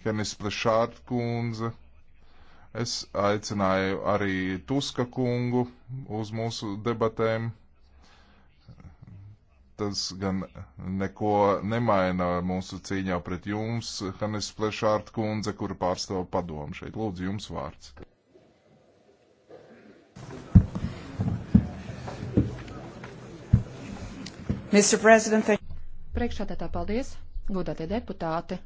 Henis Plešārt kundze. Es aicināju arī Tuska kungu uz mūsu debatēm tas gan neko nemaina mūsu cīņā pret jums, Hanis Plešārt kundze, kura pārstāv padomu šeit. Lūdzu, jums vārds. Priekšādētā paldies, godātie deputāti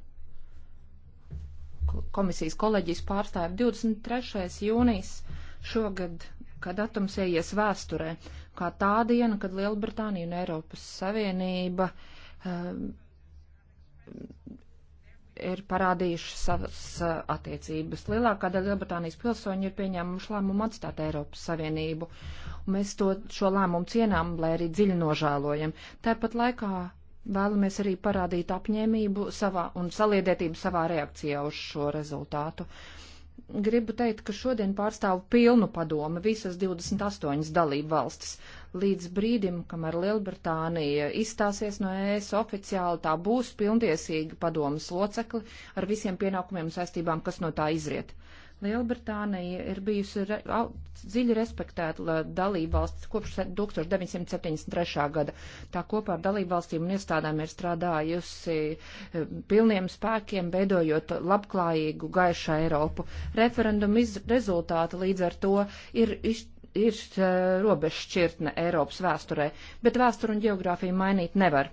komisijas kolēģijas pārstāvi 23. jūnijas šogad, kad datums ieies vēsturē, kā tā diena, kad Lielbritānija un Eiropas Savienība um, ir parādījuši savas eh, attiecības. Lielākā daļa Lielbritānijas pilsoņu ir pieņēmuši lēmumu atstāt Eiropas Savienību. Un mēs to, šo lēmumu cienām, lai arī dziļi nožēlojam. Tāpat laikā vēlamies arī parādīt apņēmību savā un saliedētību savā reakcijā uz šo rezultātu. Gribu teikt, ka šodien pārstāvu pilnu padomu visas 28 dalību valstis. Līdz brīdim, kamēr Lielbritānija izstāsies no ES oficiāli, tā būs pilntiesīga padomas locekli ar visiem pienākumiem un saistībām, kas no tā izriet. Lielbritānija ir bijusi re, au, dziļi respektēta dalībvalsts kopš 1973. gada. Tā kopā ar dalībvalstīm un iestādēm ir strādājusi e, pilniem spēkiem, veidojot labklājīgu gaišu Eiropu. Referendumu rezultāti līdz ar to ir ir e, robežšķirtne Eiropas vēsturē, bet vēsturu un geogrāfiju mainīt nevar.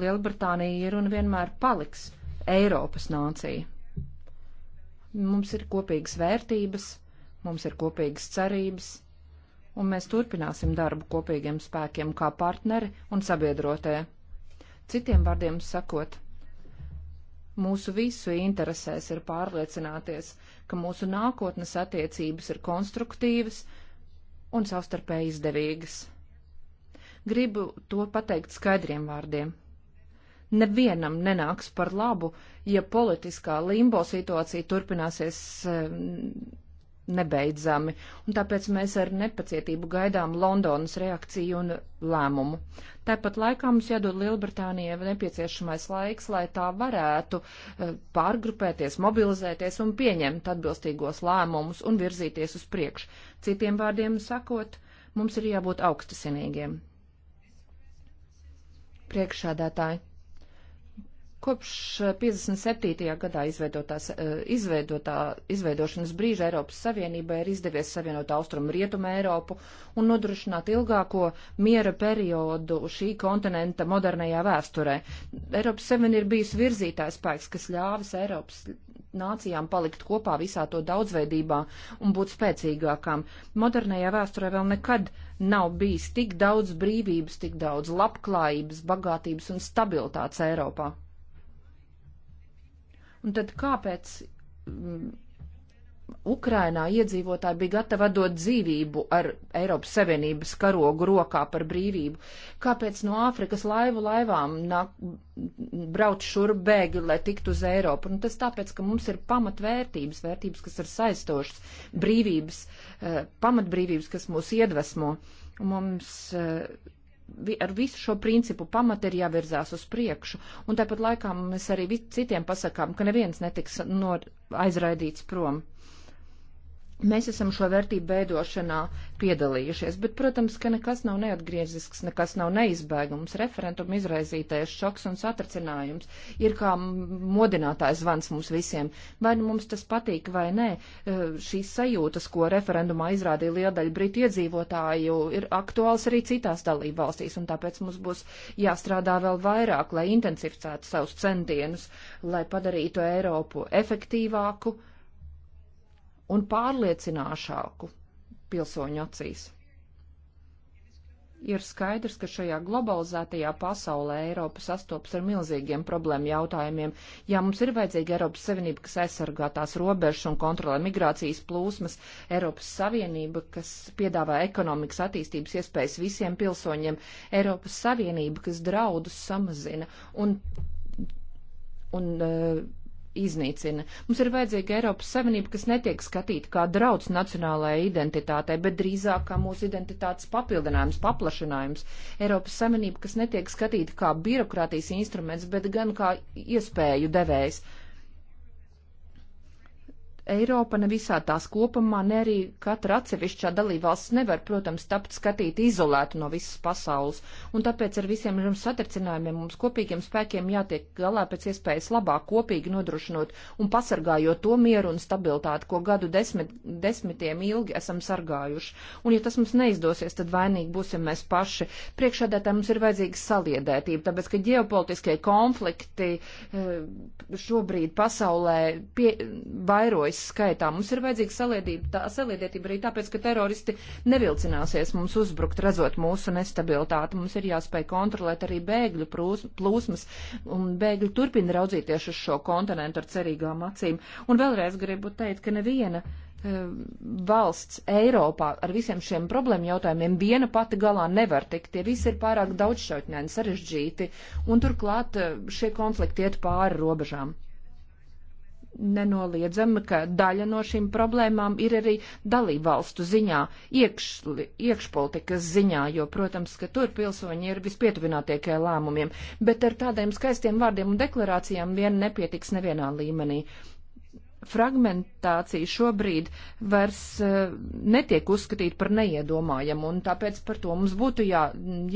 Lielbritānija ir un vienmēr paliks Eiropas nācija. Mums ir kopīgas vērtības, mums ir kopīgas cerības, un mēs turpināsim darbu kopīgiem spēkiem kā partneri un sabiedrotē. Citiem vārdiem sakot, mūsu visu interesēs ir pārliecināties, ka mūsu nākotnes attiecības ir konstruktīvas un savstarpēji izdevīgas. Gribu to pateikt skaidriem vārdiem nevienam nenāks par labu, ja politiskā limbo situācija turpināsies nebeidzami, un tāpēc mēs ar nepacietību gaidām Londonas reakciju un lēmumu. Tāpat laikā mums jādod Lielbritānijai nepieciešamais laiks, lai tā varētu eh, pārgrupēties, mobilizēties un pieņemt atbilstīgos lēmumus un virzīties uz priekšu. Citiem vārdiem sakot, mums ir jābūt augstasinīgiem. Priekšādātāji, Kopš 57. Eh, gadā izveidotās, eh, izveidotā, izveidošanas brīža Eiropas Savienībai ir izdevies savienot austrumu rietumu Eiropu un nodrošināt ilgāko miera periodu šī kontinenta modernajā vēsturē. Eiropas Savienība ir bijusi virzītājs spēks, kas ļāvis Eiropas nācijām palikt kopā visā to daudzveidībā un būt spēcīgākām. Modernajā vēsturē vēl nekad nav bijis tik daudz brīvības, tik daudz labklājības, bagātības un stabilitātes Eiropā. Un tad kāpēc mm, Ukrainā iedzīvotāji bija gatavi dot dzīvību ar Eiropas Savienības karogu rokā par brīvību? Kāpēc no Āfrikas laivu laivām nāk, brauc šur bēgļi, lai tiktu uz Eiropu? Un tas tāpēc, ka mums ir pamatvērtības, vērtības, kas ir saistošas, brīvības, eh, pamatbrīvības, kas mūs iedvesmo. Mums eh, ar visu šo principu pamatu ir jāvirzās uz priekšu. Un tāpat laikā mēs arī citiem pasakām, ka neviens netiks no, aizraidīts prom. Mēs esam šo vērtību veidošanā piedalījušies, bet, protams, ka nekas nav neatgriezisks, nekas nav neizbēgums. Referendumu izraizītais šoks un satricinājums ir kā modinātājs zvans mums visiem. Vai nu mums tas patīk vai nē, e, šīs sajūtas, ko referendumā izrādīja liela daļa brītu iedzīvotāju, ir aktuāls arī citās dalību valstīs, un tāpēc mums būs jāstrādā vēl vairāk, lai intensificētu savus centienus, lai padarītu Eiropu efektīvāku un pārliecinošāku pilsoņu acīs. Ir skaidrs, ka šajā globalizētajā pasaulē Eiropa sastopas ar milzīgiem problēmu jautājumiem. Ja mums ir vajadzīga Eiropas Savienība, kas aizsargā tās robežas un kontrolē migrācijas plūsmas, Eiropas Savienība, kas piedāvā ekonomikas attīstības iespējas visiem pilsoņiem, Eiropas Savienība, kas draudus samazina un, un uh, iznīcina. Mums ir vajadzīga Eiropas Savienība, kas netiek skatīta kā drauds nacionālajai identitātei, bet drīzāk kā mūsu identitātes papildinājums, paplašinājums. Eiropas Savienība, kas netiek skatīta kā birokrātijas instruments, bet gan kā iespēju devējs. Eiropa ne visā tās kopumā, ne arī katra atsevišķā dalībvalsts nevar, protams, tapt skatīt izolētu no visas pasaules, un tāpēc ar visiem šiem satricinājumiem mums kopīgiem spēkiem jātiek galā pēc iespējas labāk kopīgi nodrošinot un pasargājot to mieru un stabilitāti, ko gadu desmit, desmitiem ilgi esam sargājuši. Un ja tas mums neizdosies, tad vainīgi būsim mēs paši. Priekšādētā mums ir vajadzīga saliedētība, tāpēc, ka ģeopolitiskie konflikti eh, šobrīd pasaulē pie, vairojas iesaistīties skaitā. Mums ir vajadzīga tā, saliedētība arī tāpēc, ka teroristi nevilcināsies mums uzbrukt, redzot mūsu nestabilitāti. Mums ir jāspēj kontrolēt arī bēgļu plūsmas, un bēgļi turpina raudzīties uz šo kontinentu ar cerīgām acīm. Un vēlreiz gribu teikt, ka neviena eh, valsts Eiropā ar visiem šiem problēmu jautājumiem viena pati galā nevar tikt. Tie visi ir pārāk daudzšķautņaini, sarežģīti, un turklāt eh, šie konflikti iet pāri robežām nenoliedzami, ka daļa no šīm problēmām ir arī dalībvalstu ziņā, iekš, iekšpolitikas ziņā, jo, protams, ka tur pilsoņi ir vispietuvinātiekie lēmumiem, bet ar tādiem skaistiem vārdiem un deklarācijām vien nepietiks nevienā līmenī. Fragmentācija šobrīd vairs uh, netiek uzskatīta par neiedomājamu, un tāpēc par to mums būtu jā,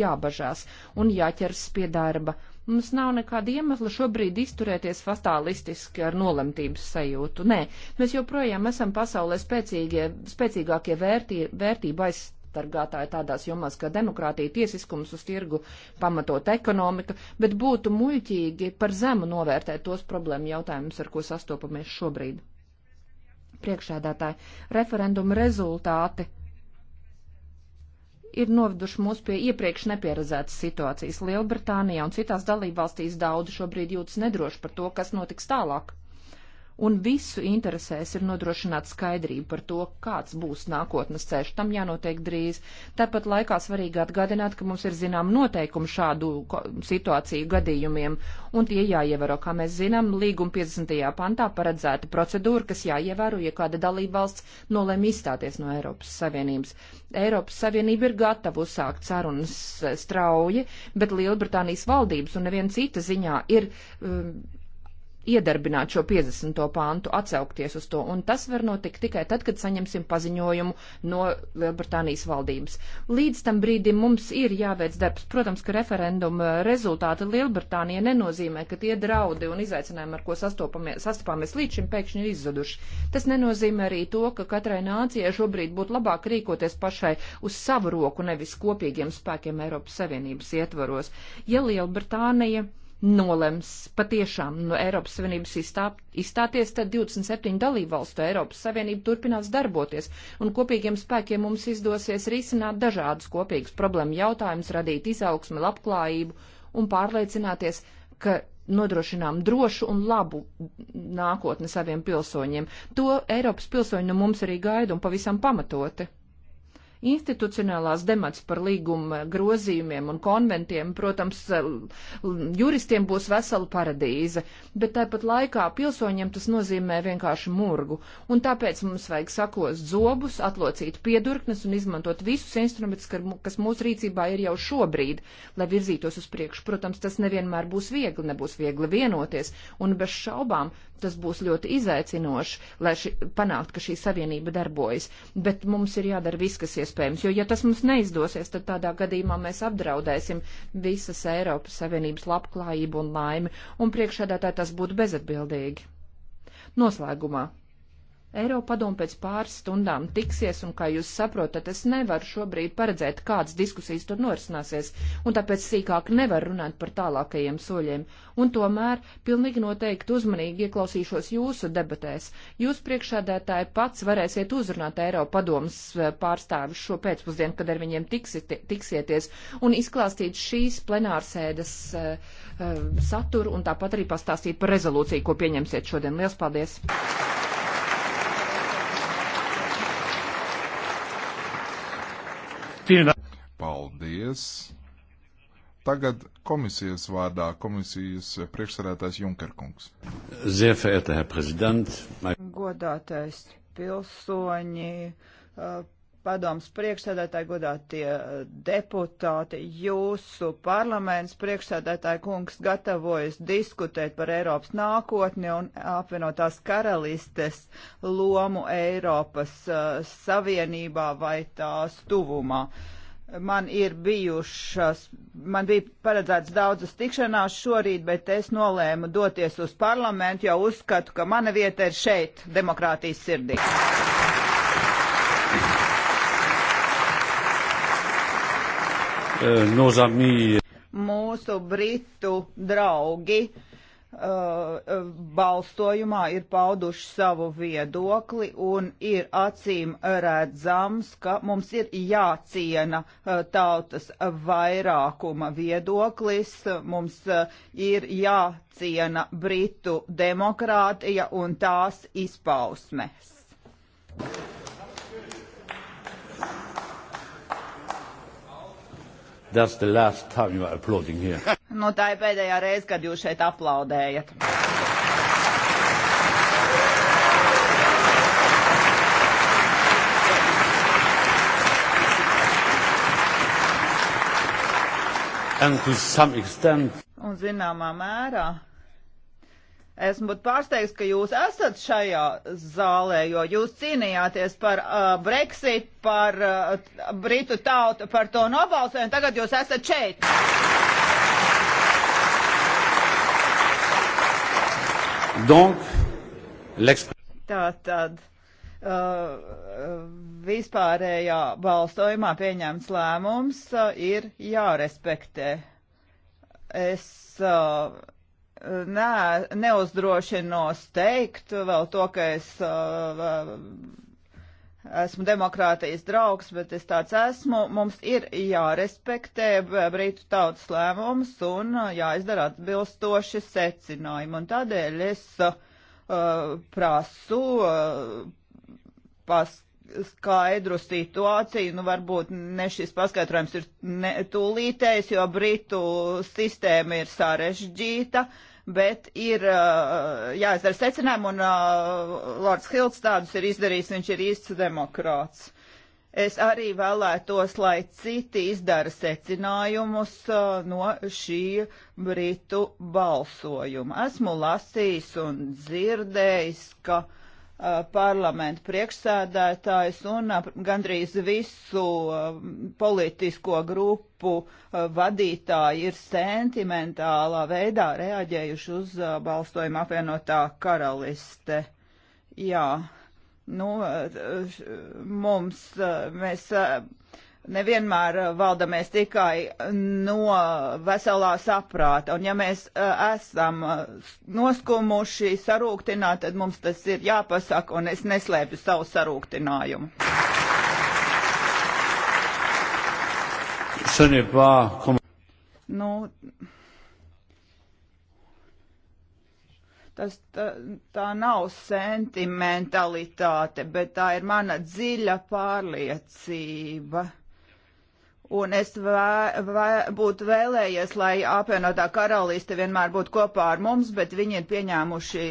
jābažās un jāķers pie darba. Uh, Mums nav nekāda iemesla šobrīd izturēties fatālistiski ar nolemtības sajūtu. Nē, mēs joprojām esam pasaulē spēcīgie, spēcīgākie vērtī, vērtība aizstargātāji tādās jomās kā demokrātija, tiesiskums uz tirgu, pamatot ekonomika, bet būtu muļķīgi par zemu novērtēt tos problēmu jautājumus, ar ko sastopamies šobrīd. Priekšēdātāji, referenduma rezultāti ir noveduši mūs pie iepriekš nepieredzētas situācijas. Lielbritānijā un citās dalībvalstīs daudz šobrīd jūtas nedroši par to, kas notiks tālāk un visu interesēs ir nodrošināt skaidrību par to, kāds būs nākotnes ceļš. Tam jānotiek drīz. Tāpat laikā svarīgi atgādināt, ka mums ir zinām noteikumi šādu situāciju gadījumiem, un tie jāievēro, kā mēs zinām, līguma 50. pantā paredzēta procedūra, kas jāievēro, ja kāda dalība valsts nolēma izstāties no Eiropas Savienības. Eiropas Savienība ir gatava uzsākt sarunas strauji, bet Lielbritānijas valdības un neviena cita ziņā ir. Um, iedarbināt šo 50. pāntu, atsaukties uz to, un tas var notikt tikai tad, kad saņemsim paziņojumu no Lielbritānijas valdības. Līdz tam brīdim mums ir jāveic darbs. Protams, ka referenduma rezultāti Lielbritānija nenozīmē, ka tie draudi un izaicinājumi, ar ko sastopāmies līdz šim, pēkšņi ir izzuduši. Tas nenozīmē arī to, ka katrai nācijai šobrīd būtu labāk rīkoties pašai uz savu roku, nevis kopīgiem spēkiem Eiropas Savienības ietvaros. Ja Lielbritānija nolems patiešām no Eiropas Savienības izstā, izstāties, tad 27 dalībvalstu Eiropas Savienība turpinās darboties, un kopīgiem spēkiem mums izdosies risināt dažādus kopīgus problēmu jautājumus, radīt izaugsmi, labklājību un pārliecināties, ka nodrošinām drošu un labu nākotni saviem pilsoņiem. To Eiropas pilsoņi no nu mums arī gaida un pavisam pamatoti. Institucionālās demats par līguma grozījumiem un konventiem, protams, juristiem būs vesela paradīze, bet tāpat laikā pilsoņiem tas nozīmē vienkārši murgu. Un tāpēc mums vajag sakos zobus, atlocīt piedurknes un izmantot visus instrumentus, kas mūsu rīcībā ir jau šobrīd, lai virzītos uz priekšu. Protams, tas nevienmēr būs viegli, nebūs viegli vienoties, un bez šaubām tas būs ļoti izaicinoši, lai ši, panākt, ka šī savienība darbojas. Bet mums ir jādara viss, kas iespējams, jo ja tas mums neizdosies, tad tādā gadījumā mēs apdraudēsim visas Eiropas Savienības labklājību un laimi, un priekšādā tā tas būtu bezatbildīgi. Noslēgumā Eiropadomu pēc pāris stundām tiksies, un, kā jūs saprotat, es nevaru šobrīd paredzēt, kādas diskusijas tur norisināsies, un tāpēc sīkāk nevaru runāt par tālākajiem soļiem. Un tomēr pilnīgi noteikti uzmanīgi ieklausīšos jūsu debatēs. Jūs priekšādētāji pats varēsiet uzrunāt Eiropadomas eh, pārstāvis šo pēcpusdienu, kad ar viņiem tiksiti, tiksieties, un izklāstīt šīs plenārsēdes uh, uh, saturu, un tāpat arī pastāstīt par rezolūciju, ko pieņemsiet šodien. Lielas paldies! Thank you. Paldies! Tagad komisijas vārdā komisijas priekšsarētājs Junkerkungs. Godātais pilsoņi, padoms priekšsēdētāji, godātie eh, deputāti, jūsu parlaments priekšsēdētāji kungs gatavojas diskutēt par Eiropas nākotni un apvienotās karalistes lomu Eiropas uh, Savienībā vai tās tuvumā. Man ir bijušas, man bija paredzēts daudzas tikšanās šorīt, bet es nolēmu doties uz parlamentu, jo uzskatu, ka mana vieta ir šeit, demokrātijas sirdī. Eh, nos amis. Mūsu britu draugi eh, balsojumā ir pauduši savu viedokli un ir acīm redzams, ka mums ir jāciena eh, tautas vairākuma viedoklis, mums ir jāciena Britu demokrātija un tās izpausmes. That's the last time you are applauding here. Nu, tā ir pēdējā reize, kad jūs šeit aplaudējat. And to some extent. Un zināmā mērā Esmu būtu pārsteigts, ka jūs esat šajā zālē, jo jūs cīnījāties par uh, Brexit, par uh, Britu tautu, par to nobalsojumu, un tagad jūs esat šeit. Donc, Tā tad uh, vispārējā balsojumā pieņemts lēmums uh, ir jārespektē. Es uh, nē, neuzdrošinos teikt vēl to, ka es uh, esmu demokrātijas draugs, bet es tāds esmu. Mums ir jārespektē Brītu tautas lēmums un uh, jāizdara atbilstoši secinājumi. Un tādēļ es uh, prasu uh, paskaidrot skaidru situāciju. Nu, varbūt ne šis paskaidrojums ir tūlītējs, jo Britu sistēma ir sarežģīta. Uh, bet ir jāizdara secinājumi, un Lords Hilts tādus ir izdarījis, viņš ir īsts demokrāts. Es arī vēlētos, lai citi izdara secinājumus no šī britu balsojuma. Esmu lasījis un dzirdējis, ka uh, parlamentu priekšsēdētājs un gandrīz visu politisko grupu vadītāji ir sentimentālā veidā reaģējuši uz balstojumu apvienotā karaliste. Jā, nu, mums mēs nevienmēr eh, valdamies tikai no veselā saprāta. Un ja mēs eh, esam eh, noskumuši, sarūktināti, tad mums tas ir jāpasaka, un es neslēpju savu sarūktinājumu. Nu, tas tā, tā nav sentimentalitāte, bet tā ir mana dziļa pārliecība. Un es vē, vē, būtu vēlējies, lai apvienotā karalīste vienmēr būtu kopā ar mums, bet viņi ir pieņēmuši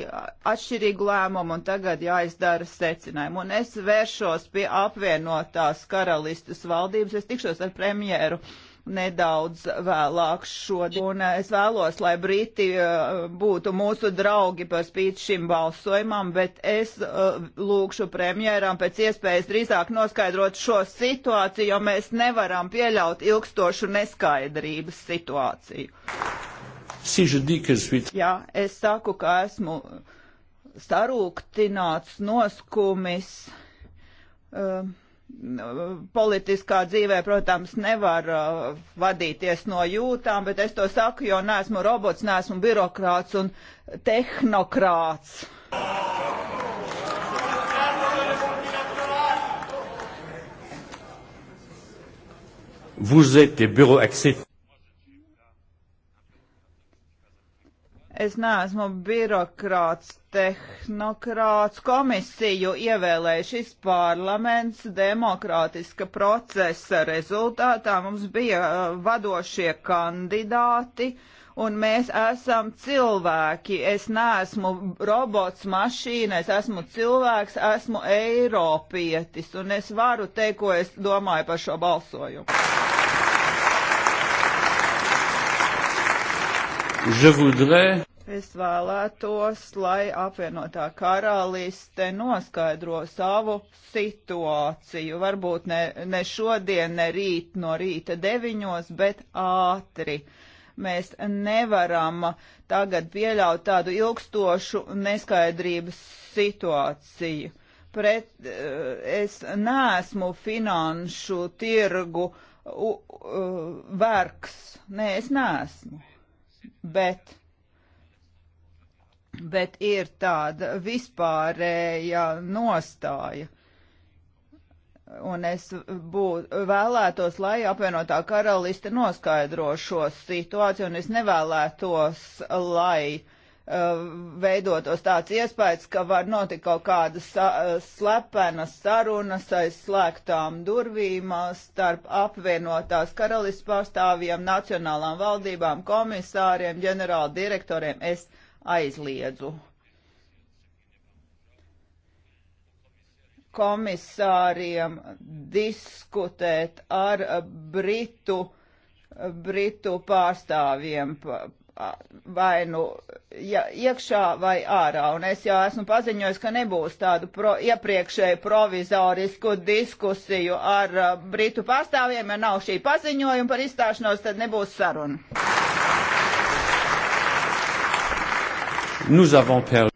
atšķirīgu lēmumu un tagad jāizdara secinājumu. Un es vēršos pie apvienotās karalistes valdības, es tikšos ar premjeru uh, nedaudz vēlāk šodien. Un es vēlos, lai Briti eh, būtu mūsu draugi par spīti šim balsojumam, bet es eh, lūkšu premjēram pēc iespējas drīzāk noskaidrot šo situāciju, jo mēs nevaram pieļaut ilgstošu neskaidrības situāciju. Jā, es saku, ka esmu sarūktināts, noskumis. Um, politiskā dzīvē, protams, nevar uh, vadīties no jūtām, bet es to saku, jo neesmu robots, neesmu birokrāts un tehnokrāts. Vous êtes bureau accepté. Es neesmu birokrāts, tehnokrāts. Komisiju ievēlēja šis parlaments demokrātiska procesa rezultātā. Mums bija uh, vadošie kandidāti un mēs esam cilvēki. Es neesmu robots, mašīna, es esmu cilvēks, esmu eiropietis, un es varu teikt, ko es domāju par šo balsojumu. Voudrais... Es vēlētos, lai apvienotā karaliste noskaidro savu situāciju. Varbūt ne, ne šodien, ne rīt no rīta deviņos, bet ātri. Mēs nevaram tagad pieļaut tādu ilgstošu neskaidrības situāciju. Pret, eh, es neesmu finanšu tirgu u, u, eh, vergs. Nē, es neesmu. Bet bet ir tāda vispārēja nostāja. Un es būt, vēlētos, lai apvienotā karaliste noskaidro šo situāciju, un es nevēlētos, lai uh, veidotos tāds iespējas, ka var notikt kaut kādas uh, slepenas sarunas aiz slēgtām durvīm uh, starp apvienotās karalistes pārstāvjiem, nacionālām valdībām, komisāriem, ģenerāldirektoriem. Es aizliedzu. Komisāriem diskutēt ar Britu, Britu pārstāvjiem vai nu ja, iekšā vai ārā. Un es jau esmu paziņojis, ka nebūs tādu pro, iepriekšēju provizorisku diskusiju ar Britu pārstāvjiem. Ja nav šī paziņojuma par izstāšanos, tad nebūs saruna. Nous avons perdu.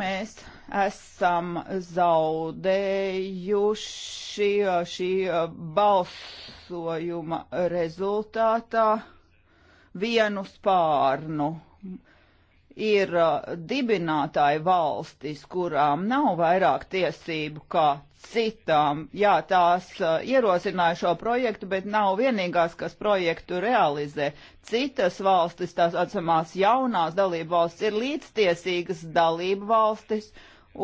Mēs esam zaudējuši uh, šī uh, balsojuma rezultātā vienu spārnu ir uh, dibinātāji valstis, kurām nav vairāk tiesību kā citām. Jā, tās uh, ierosināja šo projektu, bet nav vienīgās, kas projektu realizē. Citas valstis, tās atsamās jaunās dalību valstis, ir līdztiesīgas dalību valstis,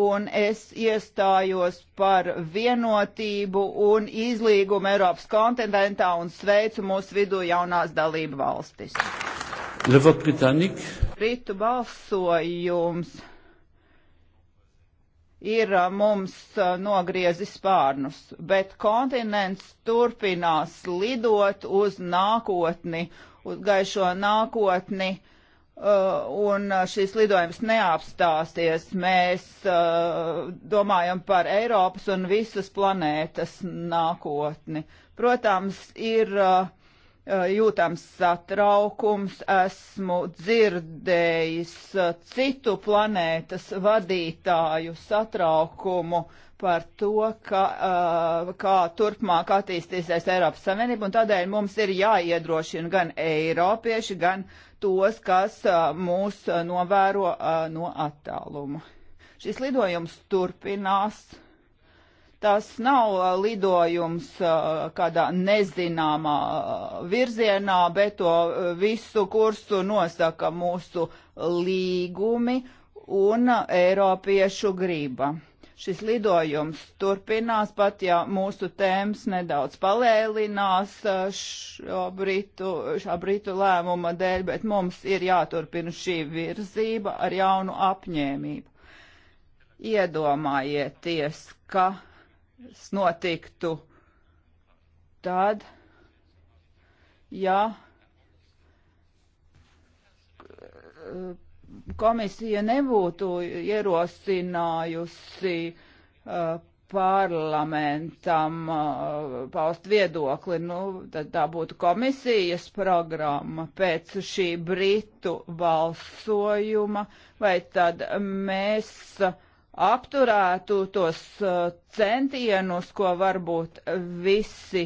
un es iestājos par vienotību un izlīgumu Eiropas kontinentā un sveicu mūsu vidū jaunās dalību valstis. Le vote britannique. Britu balsojums ir mums nogriezis spārnus, bet kontinents turpinās lidot uz nākotni, uz gaišo nākotni, un šis lidojums neapstāsies. Mēs domājam par Eiropas un visas planētas nākotni. Protams, ir uh, Eh, jūtams satraukums, esmu dzirdējis eh, citu planētas vadītāju satraukumu par to, ka, eh, kā turpmāk attīstīsies Eiropas Savienība, un tādēļ mums ir jāiedrošina gan eiropieši, gan tos, kas mūs novēro no attāluma. Šis lidojums turpinās Tas nav lidojums kādā nezināmā virzienā, bet to visu kursu nosaka mūsu līgumi un Eiropiešu griba šis lidojums turpinās, pat ja mūsu tēmas nedaudz palēlinās šo britu, šā britu lēmuma dēļ, bet mums ir jāturpina šī virzība ar jaunu apņēmību. Iedomājieties, ka notiktu, tad, ja eh, komisija nebūtu ierosinājusi uh, parlamentam uh, paust viedokli, nu, tad tā būtu komisijas programma pēc šī britu balsojuma, vai tad mēs uh, apturētu tos eh, centienus, ko varbūt visi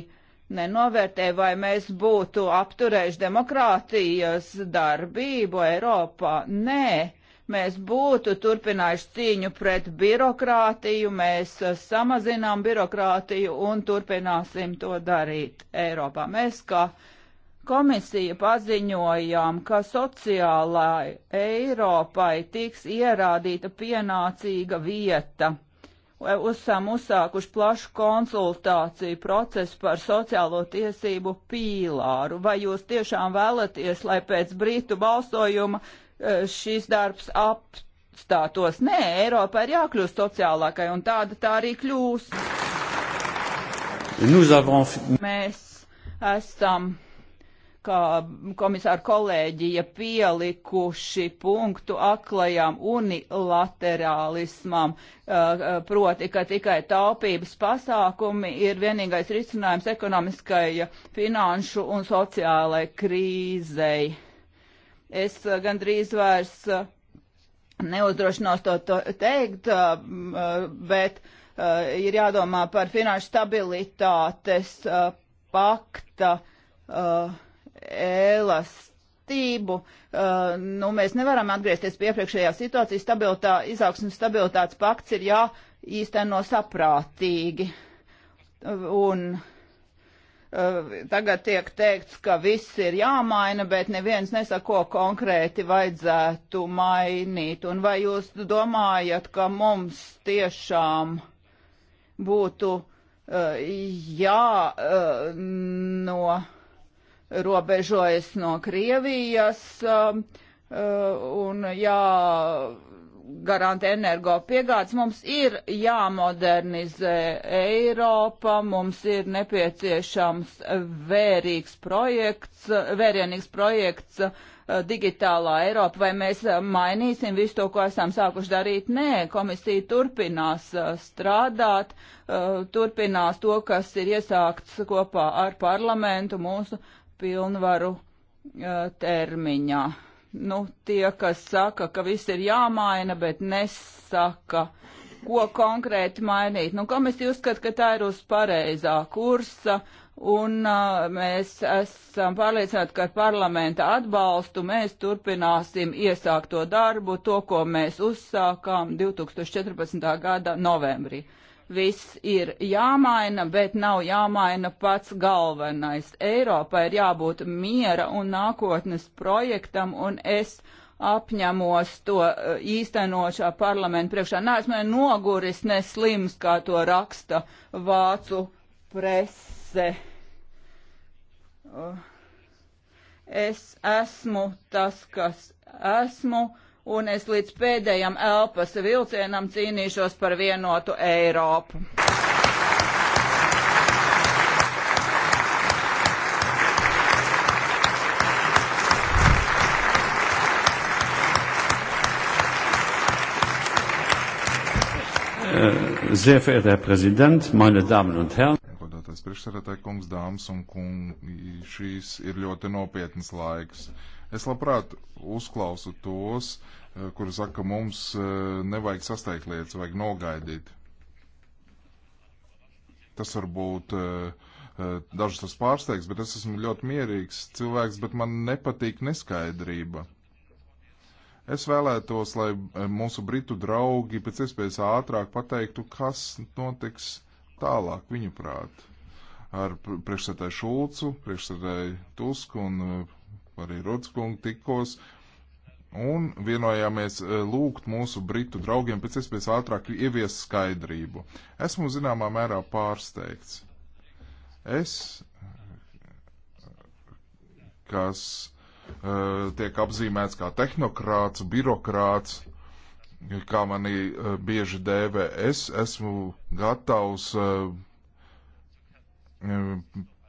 nenovērtē, vai mēs būtu apturējuši demokrātijas darbību Eiropā. Nē, mēs būtu turpinājuši cīņu pret birokrātiju, mēs eh, samazinām birokrātiju un turpināsim to darīt Eiropā. Mēs kā uh, Komisija paziņojām, ka sociālai Eiropai tiks ierādīta pienācīga vieta. Esam uzsākuši plašu konsultāciju procesu par sociālo tiesību pīlāru. Vai jūs tiešām vēlaties, lai pēc brītu balsojuma e, šis darbs apstātos? Nē, Eiropa ir jākļūst sociālākai, un tāda tā arī kļūs. Avons... Mēs esam kā komisāra kolēģija pielikuši punktu aklajām unilaterālismam, uh, uh, proti, ka tikai taupības pasākumi ir vienīgais risinājums ekonomiskai, finanšu un sociālai krīzei. Es uh, gandrīz vairs neuzdrošinos to, to teikt, bet ir jādomā par finanšu stabilitātes pakta uh, elastību. Uh, nu, mēs nevaram atgriezties pie iepriekšējās situācijas. Stabilitā, izaugsmes stabilitātes pakts ir jāīsteno saprātīgi. Un uh, tagad tiek teikts, ka viss ir jāmaina, bet neviens nesaka, ko konkrēti vajadzētu mainīt. Un vai jūs domājat, ka mums tiešām būtu uh, jā no robežojas no Krievijas um, uh, un jā garantē energopiegādes. Mums ir jāmodernizē Eiropa, mums ir nepieciešams vērīgs projekts, vērienīgs projekts uh, digitālā Eiropa, vai mēs mainīsim visu to, ko esam sākuši darīt? Nē, komisija turpinās uh, strādāt, turpinās to, kas ir iesākts kopā ar parlamentu mūsu pilnvaru uh, termiņā. Nu, tie, kas saka, ka viss ir jāmaina, bet nesaka, ko konkrēti mainīt. Nu, komisija uzskata, ka tā ir uz pareizā kursa, un uh, mēs esam pārliecināti, ka ar parlamenta atbalstu mēs turpināsim iesākt to darbu, to, ko mēs uzsākām 2014. gada novembrī viss ir jāmaina, bet nav jāmaina pats galvenais. Eiropā ir jābūt miera un nākotnes projektam, un es apņemos to eh, īstenot šā parlamenta priekšā. Nē, esmu noguris, ne slims, kā to raksta vācu prese. Uh es esmu tas, kas esmu, un es līdz pēdējam elpas vilcienam cīnīšos par vienotu Eiropu. Sehr verehrter Herr Präsident, meine Damen und Herren! Godātais priekšsarētāji kungs, dāmas un kungi, šīs ir ļoti nopietnas laiks. Es labprāt uzklausu tos, eh, kuri saka, ka mums eh, nevajag sasteigt lietas, vajag nogaidīt. Tas varbūt eh, dažus tas pārsteigts, bet es esmu ļoti mierīgs cilvēks, bet man nepatīk neskaidrība. Es vēlētos, lai mūsu britu draugi pēc iespējas ātrāk pateiktu, kas notiks tālāk viņu prāt ar priekšsētāju Šulcu, priekšsētāju Tusku un eh, arī Rodskungu tikos. Un vienojāmies eh, lūgt mūsu britu draugiem pēc iespējas ātrāk ievies skaidrību. Esmu zināmā mērā pārsteigts. Es, kas uh, tiek apzīmēts kā tehnokrāts, birokrāts, kā mani uh, bieži dēvē, es esmu gatavs uh,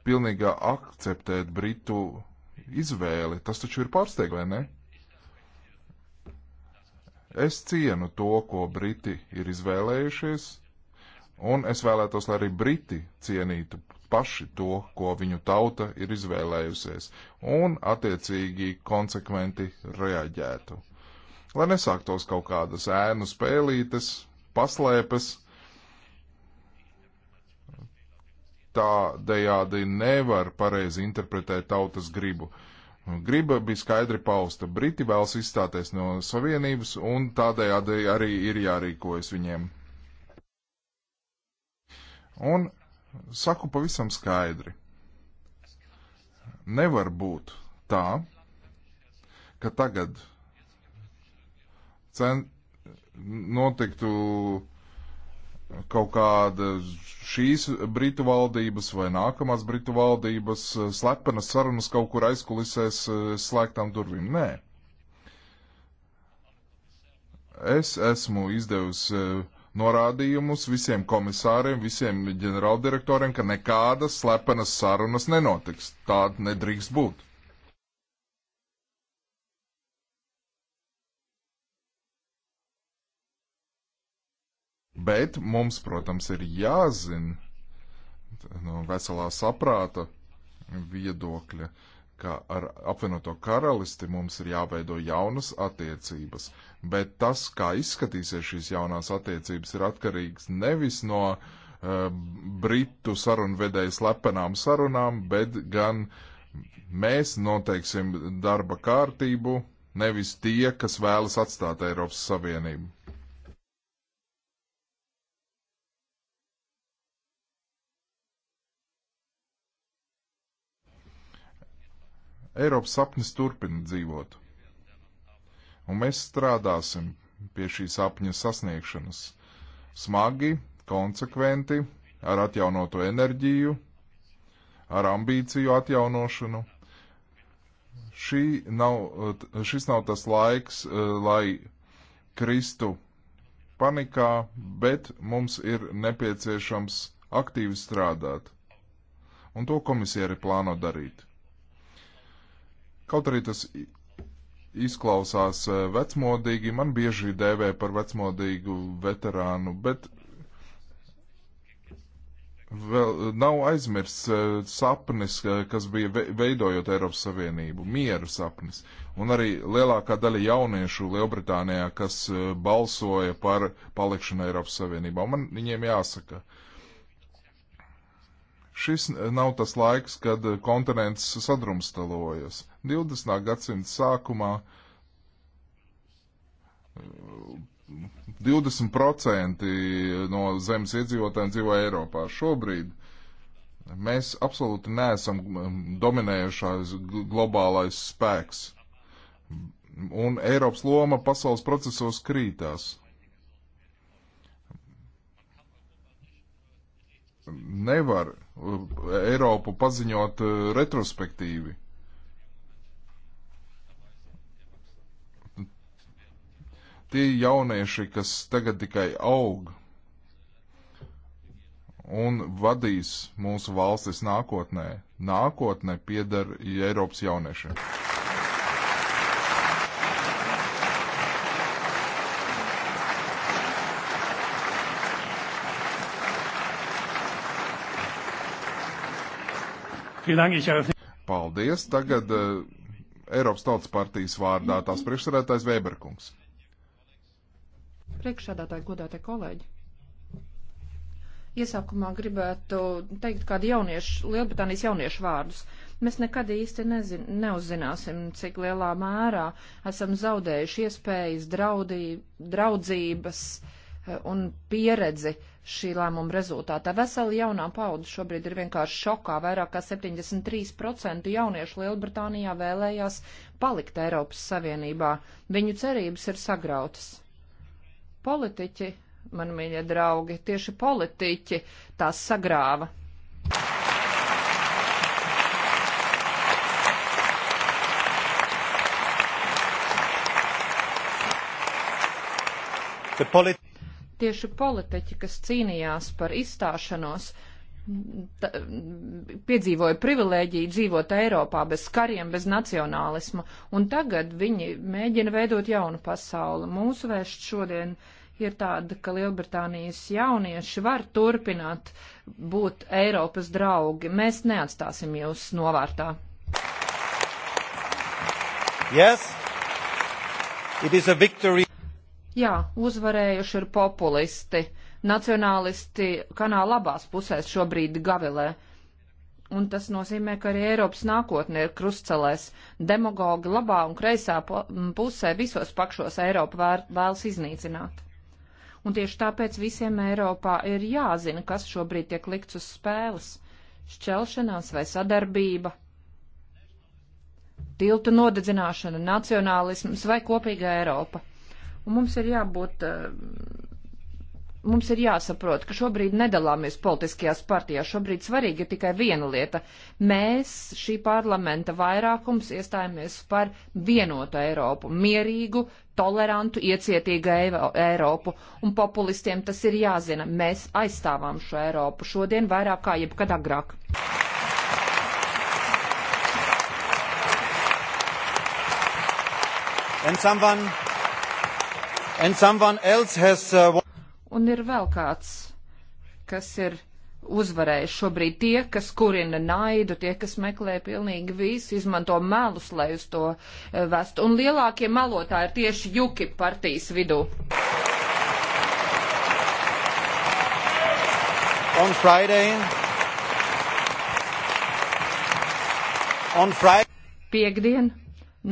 pilnīgā akceptēt Britu izvēli. Tas taču ir pārsteigts, vai ne? Es cienu to, ko Briti ir izvēlējušies, un es vēlētos, lai arī Briti cienītu paši to, ko viņu tauta ir izvēlējusies, un attiecīgi konsekventi reaģētu. Lai nesāktos kaut kādas ēnu spēlītes, paslēpes, tādējādi nevar pareizi interpretēt tautas gribu. Griba bija skaidri pausta. Briti vēlas izstāties no Savienības, un tādējādi arī ir jārīkojas viņiem. Un saku pavisam skaidri. Nevar būt tā, ka tagad cen notiktu kaut kāda šīs Britu valdības vai nākamās Britu valdības eh, slepenas sarunas kaut kur aizkulisēs eh, slēgtām durvīm. Nē. Es esmu izdevusi eh, norādījumus visiem komisāriem, visiem ģenerāldirektoriem, ka nekādas slepenas sarunas nenotiks. Tāda nedrīkst būt. Bet mums, protams, ir jāzina no veselā saprāta viedokļa, ka ar apvienoto karalisti mums ir jāveido jaunas attiecības. Bet tas, kā izskatīsies šīs jaunās attiecības, ir atkarīgs nevis no uh, Britu sarunvedēju slepenām sarunām, bet gan mēs noteiksim darba kārtību, nevis tie, kas vēlas atstāt Eiropas Savienību. Eiropas sapnis turpina dzīvot. Un mēs strādāsim pie šī sapņa sasniegšanas smagi, konsekventi, ar atjaunotu enerģiju, ar ambīciju atjaunošanu. Šī nav, šis nav tas laiks, eh, lai kristu panikā, bet mums ir nepieciešams aktīvi strādāt. Un to komisija arī plāno darīt. Kaut arī tas izklausās e, vecmodīgi, man bieži dēvē par vecmodīgu veterānu, bet vēl nav aizmirsts e, sapnis, e, kas bija veidojot Eiropas Savienību, mieru sapnis. Un arī lielākā daļa jauniešu Lielbritānijā, kas balsoja par palikšanu Eiropas Savienībā, un man viņiem jāsaka, uh, Šis eh, nav tas laiks, kad eh, kontinents sadrumstalojas. 20. gadsimta sākumā 20% eh, no zemes iedzīvotājiem dzīvo Eiropā. Šobrīd mēs absolūti neesam mm, dominējušais globālais spēks. Un Eiropas loma pasaules procesos krītās. Nevar uh, Eiropu paziņot uh, retrospektīvi. Tie jaunieši, kas tagad tikai aug un vadīs mūsu valstis nākotnē, nākotne pieder Eiropas jauniešiem. Paldies. Tagad uh, Eiropas Tautas partijas vārdā tās priekšsēdētājs Vēberkungs. Priekšsēdētāji, godātie kolēģi. Iesākumā gribētu teikt kādu jauniešu, Lielbritānijas jauniešu vārdus. Mēs nekad īsti nezin, neuzzināsim, cik lielā mērā esam zaudējuši iespējas draudī, draudzības eh, un pieredzi uh, šī lēmuma rezultātā. Vesela jaunā paudze šobrīd ir vienkārši šokā. Vairāk kā 73% jauniešu Lielbritānijā vēlējās palikt Eiropas Savienībā. Viņu cerības ir sagrautas. Politiķi, man mīļie draugi, tieši politiķi tās sagrāva. The polit tieši politiķi, kas cīnījās par izstāšanos, ta, piedzīvoja privilēģiju dzīvot Eiropā bez kariem, bez nacionālisma, un tagad viņi mēģina veidot jaunu pasauli. Mūsu vēsts šodien ir tāda, ka Lielbritānijas jaunieši var turpināt būt Eiropas draugi. Mēs neatstāsim jūs novārtā. Yes. It is a victory. Jā, uzvarējuši ir populisti. Nacionālisti kanā labās pusēs šobrīd gavilē. Un tas nozīmē, ka arī Eiropas nākotne ir krustcelēs. Demagogi labā un kreisā pusē visos pakšos Eiropu vēlas iznīcināt. Un tieši tāpēc visiem Eiropā ir jāzina, kas šobrīd tiek likts uz spēles - šķelšanās vai sadarbība, tiltu nodedzināšana, nacionālisms vai kopīga Eiropa. Un mums ir jābūt. Eh, mums ir jāsaprot, ka šobrīd nedalāmies politiskajās partijās. Šobrīd svarīga ir tikai viena lieta. Mēs, šī parlamenta vairākums, iestājāmies par vienotu Eiropu, mierīgu, tolerantu, iecietīgu Eiropu. Un populistiem tas ir jāzina. Mēs aizstāvām šo Eiropu šodien vairāk kā jebkad agrāk. And someone Has, uh... Un ir vēl kāds, kas ir uzvarējis šobrīd tie, kas kurina naidu, tie, kas meklē pilnīgi visu, izmanto melus, lai uz to uh, vestu. Un lielākie melotāji ir tieši juki partijas vidū. On Friday. On Friday. Piekdien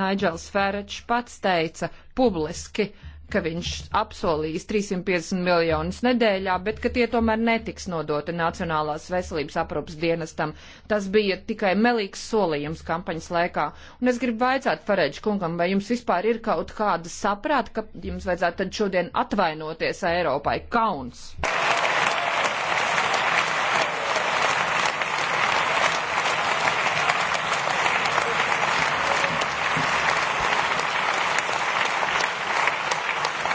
Naidžels Fērečs pats teica publiski, uh, ka viņš apsolīs 350 miljonus nedēļā, bet ka tie tomēr netiks nodoti Nacionālās veselības aprūpas dienestam. Tas bija tikai melīgs solījums kampaņas laikā. Un es gribu vaicāt Farēģi kungam, vai jums vispār ir kaut kāda saprāta, ka jums vajadzētu tad šodien atvainoties Eiropai kauns?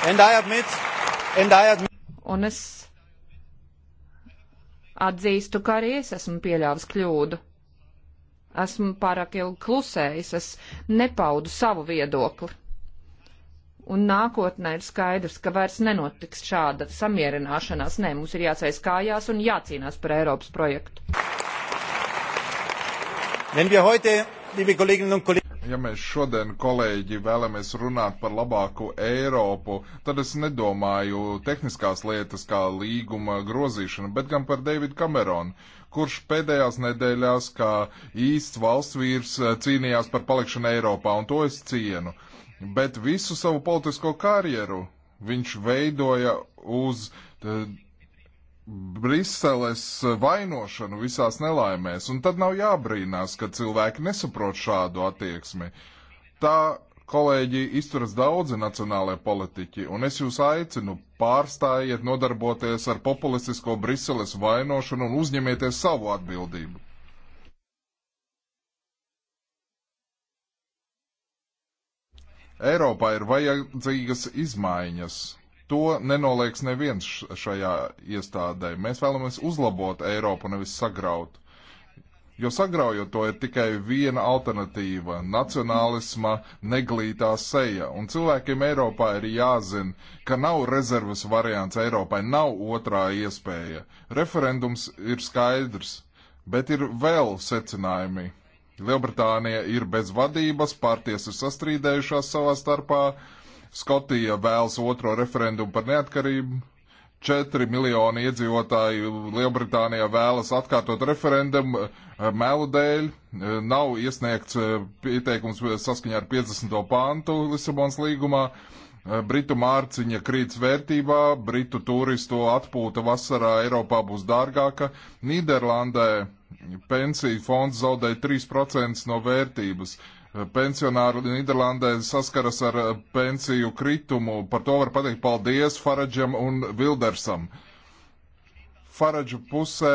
Admit, admit... Un es atzīstu, ka arī es esmu pieļāvis kļūdu. Esmu pārāk ilgi klusējis, es nepaudu savu viedokli. Un nākotnē ir skaidrs, ka vairs nenotiks šāda samierināšanās. Nē, mums ir jāceļ kājās un jācīnās par Eiropas projektu. Wenn wir heute, liebe Kolleginnen und Kollegen, ja mēs šodien, kolēģi, vēlamies runāt par labāku Eiropu, tad es nedomāju tehniskās lietas kā līguma grozīšana, bet gan par Davidu Kameronu, kurš pēdējās nedēļās kā īsts valsts vīrs eh, cīnījās par palikšanu Eiropā, un to es cienu. Bet visu savu politisko karjeru viņš veidoja uz. Tad, eh, Briseles vainošanu visās nelaimēs, un tad nav jābrīnās, ka cilvēki nesaprot šādu attieksmi. Tā kolēģi izturas daudzi nacionālajie politiķi, un es jūs aicinu pārstājiet nodarboties ar populistisko Briseles vainošanu un uzņemieties savu atbildību. Eiropā ir vajadzīgas izmaiņas, To nenoliedz neviens šajā iestādē. Mēs vēlamies uzlabot Eiropu, nevis sagraut. Jo sagraujot to ir tikai viena alternatīva - nacionālisma neglītā seja. Un cilvēkiem Eiropā ir jāzina, ka nav rezervas variants Eiropai, nav otrā iespēja. Referendums ir skaidrs, bet ir vēl secinājumi. Lielbritānija ir bez vadības, partijas ir sastrīdējušās savā starpā Skotija vēlas otro referendumu par neatkarību. 4 miljoni iedzīvotāju Lielbritānijā vēlas atkārtot referendumu eh, melu dēļ. Eh, nav iesniegts eh, pieteikums saskaņā ar 50. pāntu Lisabonas līgumā. Britu mārciņa krīt vērtībā, britu turistu atpūta vasarā Eiropā būs dārgāka. Nīderlandē pensiju fonds zaudēja 3% no vērtības. Pensionāri Nīderlandē saskaras ar eh, pensiju kritumu. Par to var pateikt paldies Faradžam un Vildersam. Faradža pusē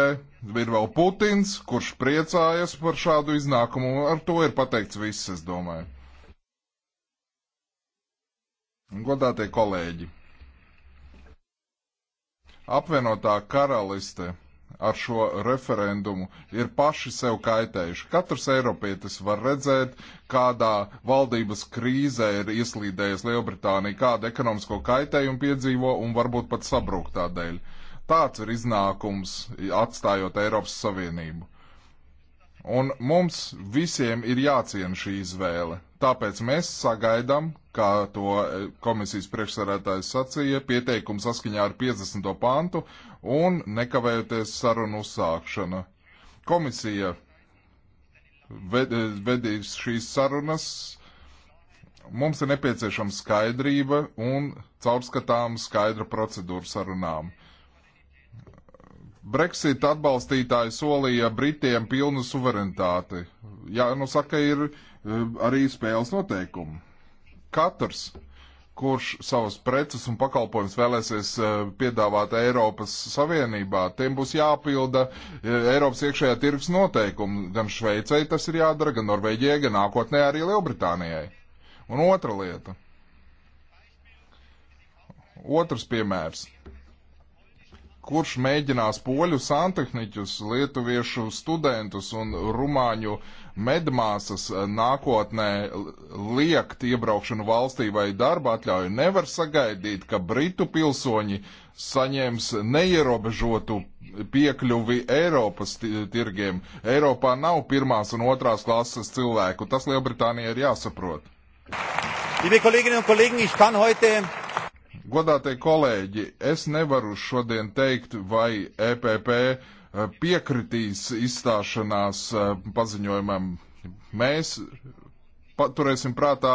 ir vēl Putins, kurš priecājas par šādu iznākumu. Ar to ir pateikts viss, es domāju. Godātie kolēģi! apvienotā karaliste ar šo referendumu ir paši sev kaitējuši. Katrs Eiropietis var redzēt, kādā valdības krīzē ir ieslīdējusi Lielbritānija, kādu ekonomisko kaitējumu piedzīvo un varbūt pat sabrūk tādēļ. Tāds ir iznākums atstājot Eiropas Savienību. Un mums visiem ir jāciena šī izvēle Tāpēc mēs sagaidām, kā to e, komisijas priekšsarētājs sacīja, pieteikumu saskaņā ar 50. pantu un nekavējoties sarunu uzsākšana. Komisija ved, e, vedīs šīs sarunas. Mums ir nepieciešama skaidrība un caurskatām skaidra procedūra sarunām. Brexit atbalstītāji solīja Britiem pilnu suverenitāti. Jā, nu saka, ir Ehm, arī spēles noteikumi. Katrs, kurš savus preces un pakalpojumus vēlēsies ehm, piedāvāt Eiropas Savienībā, tiem būs jāpilda ehm, Eiropas iekšējā tirgus noteikumi. Gan Šveicei tas ir jādara, gan Norvēģijai, gan nākotnē arī Lielbritānijai. Un otra lieta. Otrs piemērs kurš mēģinās poļu santehniķus, lietuviešu studentus un rumāņu medmāsas nākotnē liekt iebraukšanu valstī vai darba atļauju, nevar sagaidīt, ka britu pilsoņi saņems neierobežotu piekļuvi Eiropas tirgiem. Eiropā nav pirmās un otrās klases cilvēku. Tas Lielbritānijai ir jāsaprot. Liebe Kolleginnen und Kollegen, ich kann heute Godātie kolēģi, es nevaru šodien teikt, vai EPP eh, piekritīs izstāšanās eh, paziņojumam. Mēs paturēsim prātā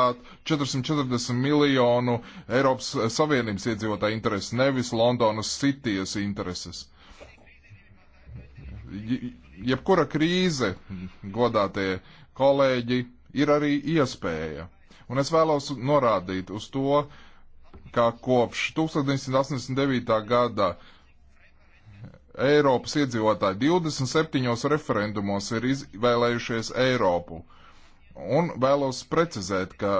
440 miljonu Eiropas Savienības iedzīvotāju intereses, nevis Londonas Cities intereses. Jebkura krīze, godātie kolēģi, ir arī iespēja. Un es vēlos norādīt uz to, ka kopš 1989. gada Eiropas iedzīvotāji 27 referendumos ir izvēlējušies Eiropu. Un vēlos precizēt, ka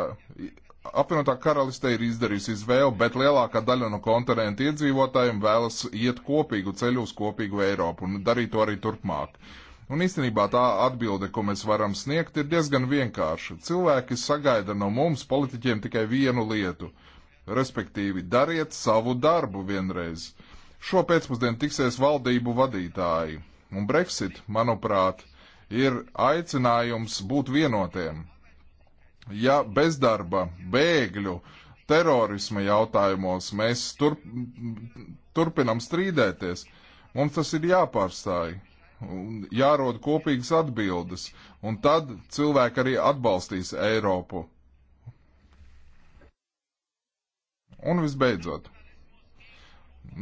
apvienotā karaliste ir izdarījusi izvēlu, bet lielākā daļa no kontinenta iedzīvotājiem vēlas iet kopīgu ceļu uz kopīgu Eiropu un darīt to arī turpmāk. Un īstenībā tā atbilde, ko mēs varam sniegt, ir diezgan vienkārša. Cilvēki sagaida no mums, politiķiem, tikai vienu lietu Respektīvi, dariet savu darbu vienreiz. Šo pēcpusdienu tiksies valdību vadītāji, un Brexit, manuprāt, ir aicinājums būt vienotiem. Ja bezdarba, bēgļu, terorisma jautājumos mēs turp, turpinam strīdēties, mums tas ir jāpārstāj jārod kopīgas atbildes, un tad cilvēki arī atbalstīs Eiropu. Un visbeidzot,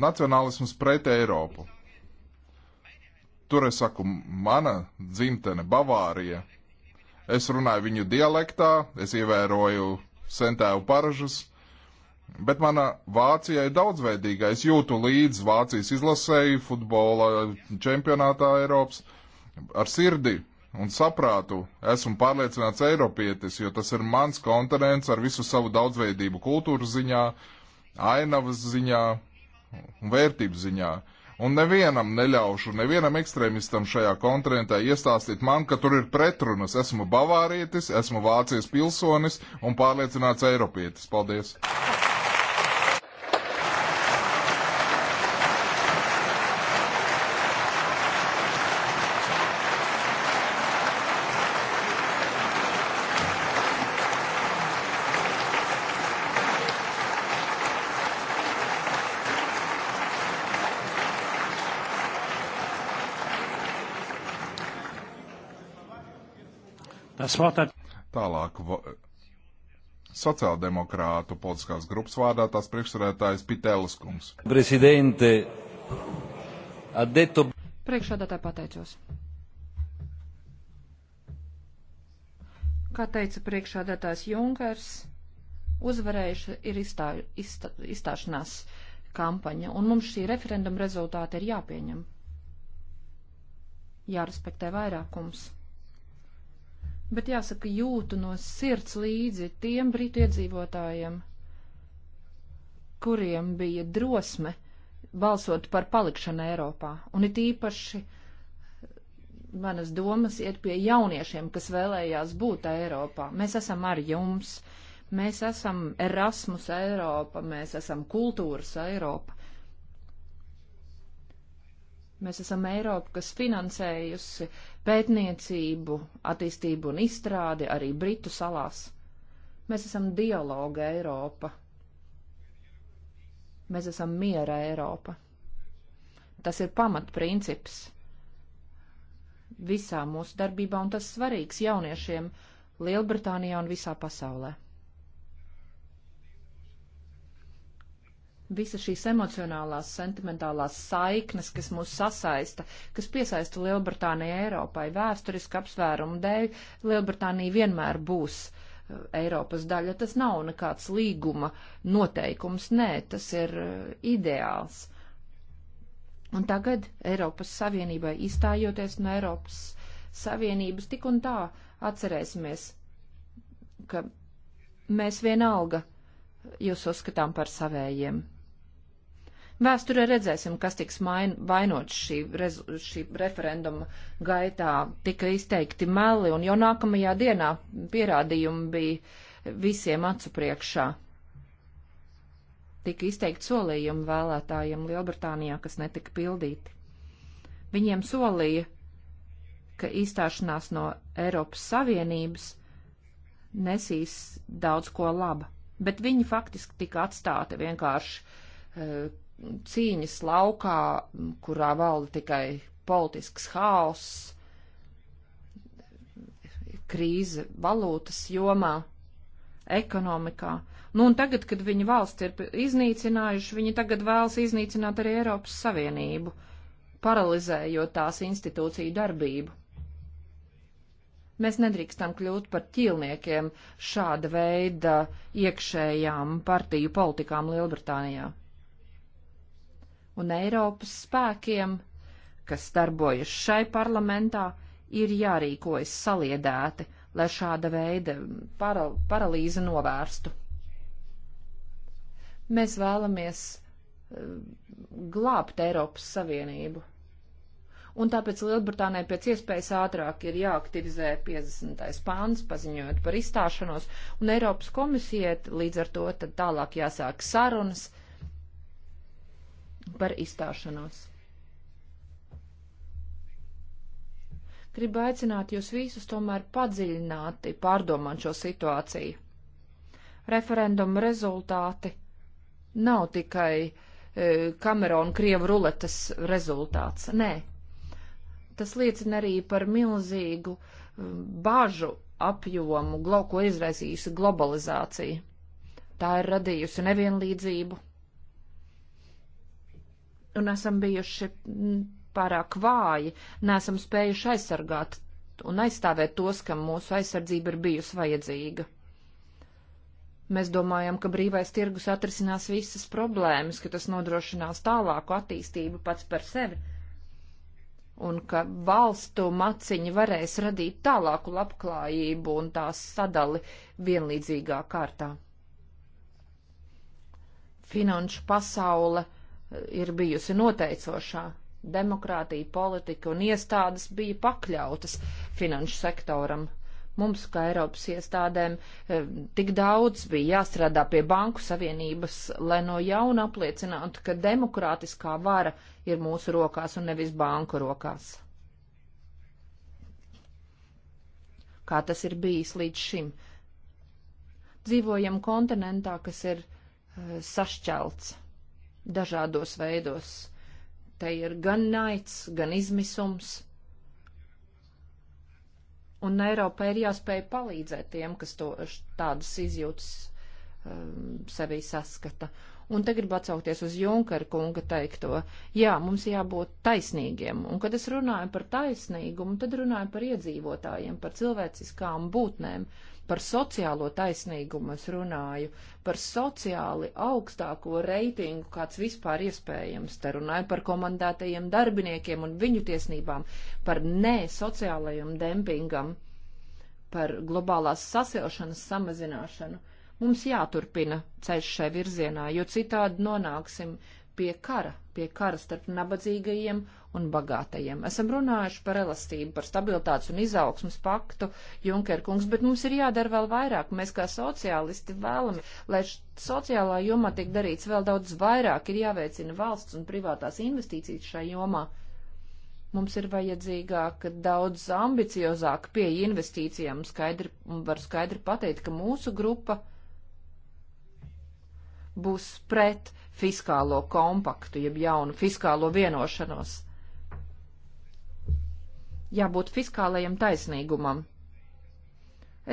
nacionālisms pret Eiropu. Tur es saku, mana dzimtene, Bavārija. Es runāju viņu dialektā, es ievēroju sentēvu paražas, bet mana Vācija ir daudzveidīga. Es jūtu līdz Vācijas izlasēju futbola čempionātā Eiropas ar sirdi un saprātu, esmu pārliecināts Eiropietis, jo tas ir mans kontinents ar visu savu daudzveidību kultūras ziņā, ainavas ziņā un vērtības ziņā. Un nevienam neļaušu, nevienam ekstrēmistam šajā kontinentā iestāstīt man, ka tur ir pretrunas. Esmu bavārietis, esmu Vācijas pilsonis un pārliecināts Eiropietis. Paldies! das Wort hat. Tālāk sociāldemokrātu politiskās grupas vārdā tās priekšsarētājs Pitēlis Kungs. Prezidente, adeto. Priekšsādātāji pateicos. Kā teica priekšsādātājs Junkers, uzvarējuši ir izstā, izstā, izstāšanās kampaņa, un mums šī referenduma rezultāti ir jāpieņem. Jārespektē vairākums bet jāsaka, jūtu no sirds līdzi tiem brītu iedzīvotājiem, kuriem bija drosme balsot par palikšanu Eiropā. Un it īpaši manas domas iet pie jauniešiem, kas vēlējās būt Eiropā. Mēs esam ar jums, mēs esam Erasmus Eiropa, mēs esam kultūras Eiropa. Mēs esam Eiropa, kas finansējusi pētniecību, attīstību un izstrādi arī Britu salās. Mēs esam dialoga Eiropa. Mēs esam miera Eiropa. Tas ir pamatprincips visā mūsu darbībā, un tas svarīgs jauniešiem Lielbritānijā un visā pasaulē. visa šīs emocionālās, sentimentālās saiknes, kas mūs sasaista, kas piesaista Lielbritāniju Eiropai vēsturiski apsvērumu dēļ, Lielbritānija vienmēr būs uh, Eiropas daļa. Tas nav nekāds līguma noteikums, nē, tas ir uh, ideāls. Un tagad Eiropas Savienībai izstājoties no Eiropas Savienības tik un tā atcerēsimies, ka mēs vienalga jūs uzskatām par savējiem. Vēsturē redzēsim, kas tiks main, vainots šī, rez, šī referenduma gaitā. Tika izteikti meli, un jau nākamajā dienā pierādījumi bija visiem acu priekšā. Tika izteikti solījumi vēlētājiem Lielbritānijā, kas netika pildīti. Viņiem solīja, ka izstāšanās no Eiropas Savienības nesīs daudz ko laba, bet viņi faktiski tika atstāti vienkārši eh, cīņas laukā, kurā valda tikai politisks haoss, krīze valūtas jomā, ekonomikā. Nu, un tagad, kad viņi valsts ir iznīcinājuši, viņi tagad vēlas iznīcināt arī Eiropas Savienību, paralizējot tās institūciju darbību. Mēs nedrīkstam kļūt par ķīlniekiem šāda veida iekšējām partiju politikām Lielbritānijā un Eiropas spēkiem, kas darbojas šai parlamentā, ir jārīkojas saliedēti, lai šāda veida paral paralīze novērstu. Mēs vēlamies eh, glābt Eiropas Savienību un tāpēc Lielbritānijai pēc iespējas ātrāk ir jāaktivizē 50. pāns, paziņojot par izstāšanos, un Eiropas komisijai līdz ar to tad tālāk jāsāk sarunas par izstāšanos. Gribu aicināt jūs visus tomēr padziļināti pārdomāt šo situāciju. Referenduma rezultāti nav tikai e, Kamerona Krievu ruletes rezultāts. Nē, tas liecina arī par milzīgu e, bāžu apjomu, ko izraisījusi globalizācija. Tā ir radījusi nevienlīdzību, un esam bijuši pārāk vāji, nesam spējuši aizsargāt un aizstāvēt tos, kam mūsu aizsardzība ir bijusi vajadzīga. Mēs domājam, ka brīvais tirgus atrisinās visas problēmas, ka tas nodrošinās tālāku attīstību pats par sevi, un ka valstu maciņi varēs radīt tālāku labklājību un tās sadali vienlīdzīgā kārtā. Finanšu pasaule ir bijusi noteicošā. Demokrātija, politika un iestādes bija pakļautas finanšu sektoram. Mums, kā Eiropas iestādēm, eh, tik daudz bija jāstrādā pie Banku Savienības, lai no jauna apliecinātu, ka demokrātiskā vara ir mūsu rokās un nevis banku rokās. Kā tas ir bijis līdz šim? Dzīvojam kontinentā, kas ir uh, sašķelts dažādos veidos. Te ir gan naids, gan izmisums. Un Eiropai ir jāspēj palīdzēt tiem, kas to, tādas izjūtas um, sevī saskata. Un te gribu atsaukties uz Junkara kunga teikto. Jā, mums jābūt taisnīgiem. Un, kad es runāju par taisnīgumu, tad runāju par iedzīvotājiem, par cilvēciskām būtnēm. Uh, Par sociālo taisnīgumu es runāju, par sociāli augstāko reitingu, kāds vispār iespējams. Te runāju par komandētajiem darbiniekiem un viņu tiesnībām, par ne sociālajiem dempingam, par globālās sasilšanas samazināšanu. Mums jāturpina ceļš šai virzienā, jo citādi nonāksim pie kara, pie kara starp nabadzīgajiem un bagātajiem. Esam runājuši par elastību, par stabilitātes un izaugsmas paktu, Junker kungs, bet mums ir jādara vēl vairāk. Mēs kā sociālisti vēlam, lai sociālā jomā tiek darīts vēl daudz vairāk, ir jāveicina valsts un privātās investīcijas šajā jomā mums ir vajadzīgāka, daudz ambiciozāka pieeja investīcijām. Skaidri, var skaidri pateikt, ka mūsu grupa būs pret fiskālo kompaktu, jeb jaunu fiskālo vienošanos jābūt fiskālajam taisnīgumam.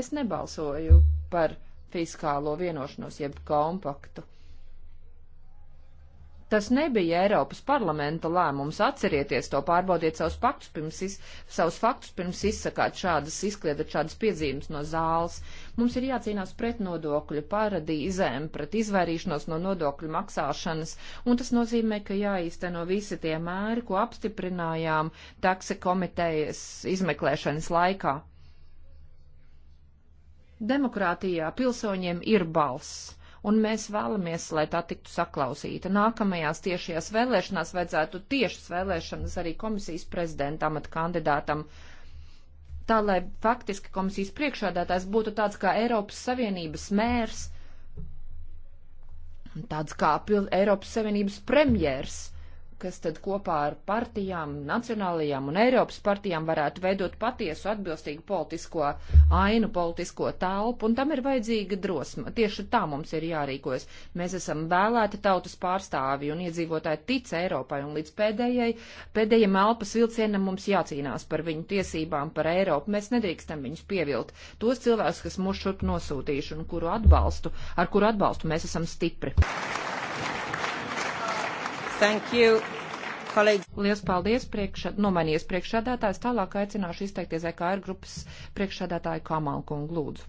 Es nebalsoju par fiskālo vienošanos jeb kompaktu. Tas nebija Eiropas parlamenta lēmums. Atcerieties to, pārbaudiet savus, paktus, pirms iz, savus faktus, pirms izsakāt šādas, izkliedat šādas piedzīmes no zāles. Mums ir jācīnās pret nodokļu paradīzēm, pret izvairīšanos no nodokļu maksāšanas, un tas nozīmē, ka jāīsteno visi tie mēri, ko apstiprinājām takse komitejas izmeklēšanas laikā. Demokrātijā pilsoņiem ir balss un mēs vēlamies, lai tā tiktu saklausīta. Nākamajās tiešajās vēlēšanās vajadzētu tiešas vēlēšanas arī komisijas prezidenta amata kandidātam tā, lai faktiski komisijas priekšādātājs būtu tāds kā Eiropas Savienības mērs, tāds kā Eiropas Savienības premjers kas tad kopā ar partijām, nacionālajām un Eiropas partijām varētu veidot patiesu atbilstīgu politisko ainu, politisko telpu, un tam ir vajadzīga drosma. Tieši tā mums ir jārīkojas. Mēs esam vēlēti tautas pārstāvi, un iedzīvotāji tic Eiropai, un līdz pēdējai, pēdējiem elpas vilcienam mums jācīnās par viņu tiesībām, par Eiropu. Mēs nedrīkstam viņus pievilt. Tos cilvēkus, kas mūs šurp nosūtījuši un kuru atbalstu, ar kuru atbalstu mēs esam stipri. Thank you. Thank you. Kolēģi. Lielas paldies, priekšā, nomainies priekšādātājs. Tālāk aicināšu izteikties EKR grupas priekšādātāju Kamal kungu lūdzu.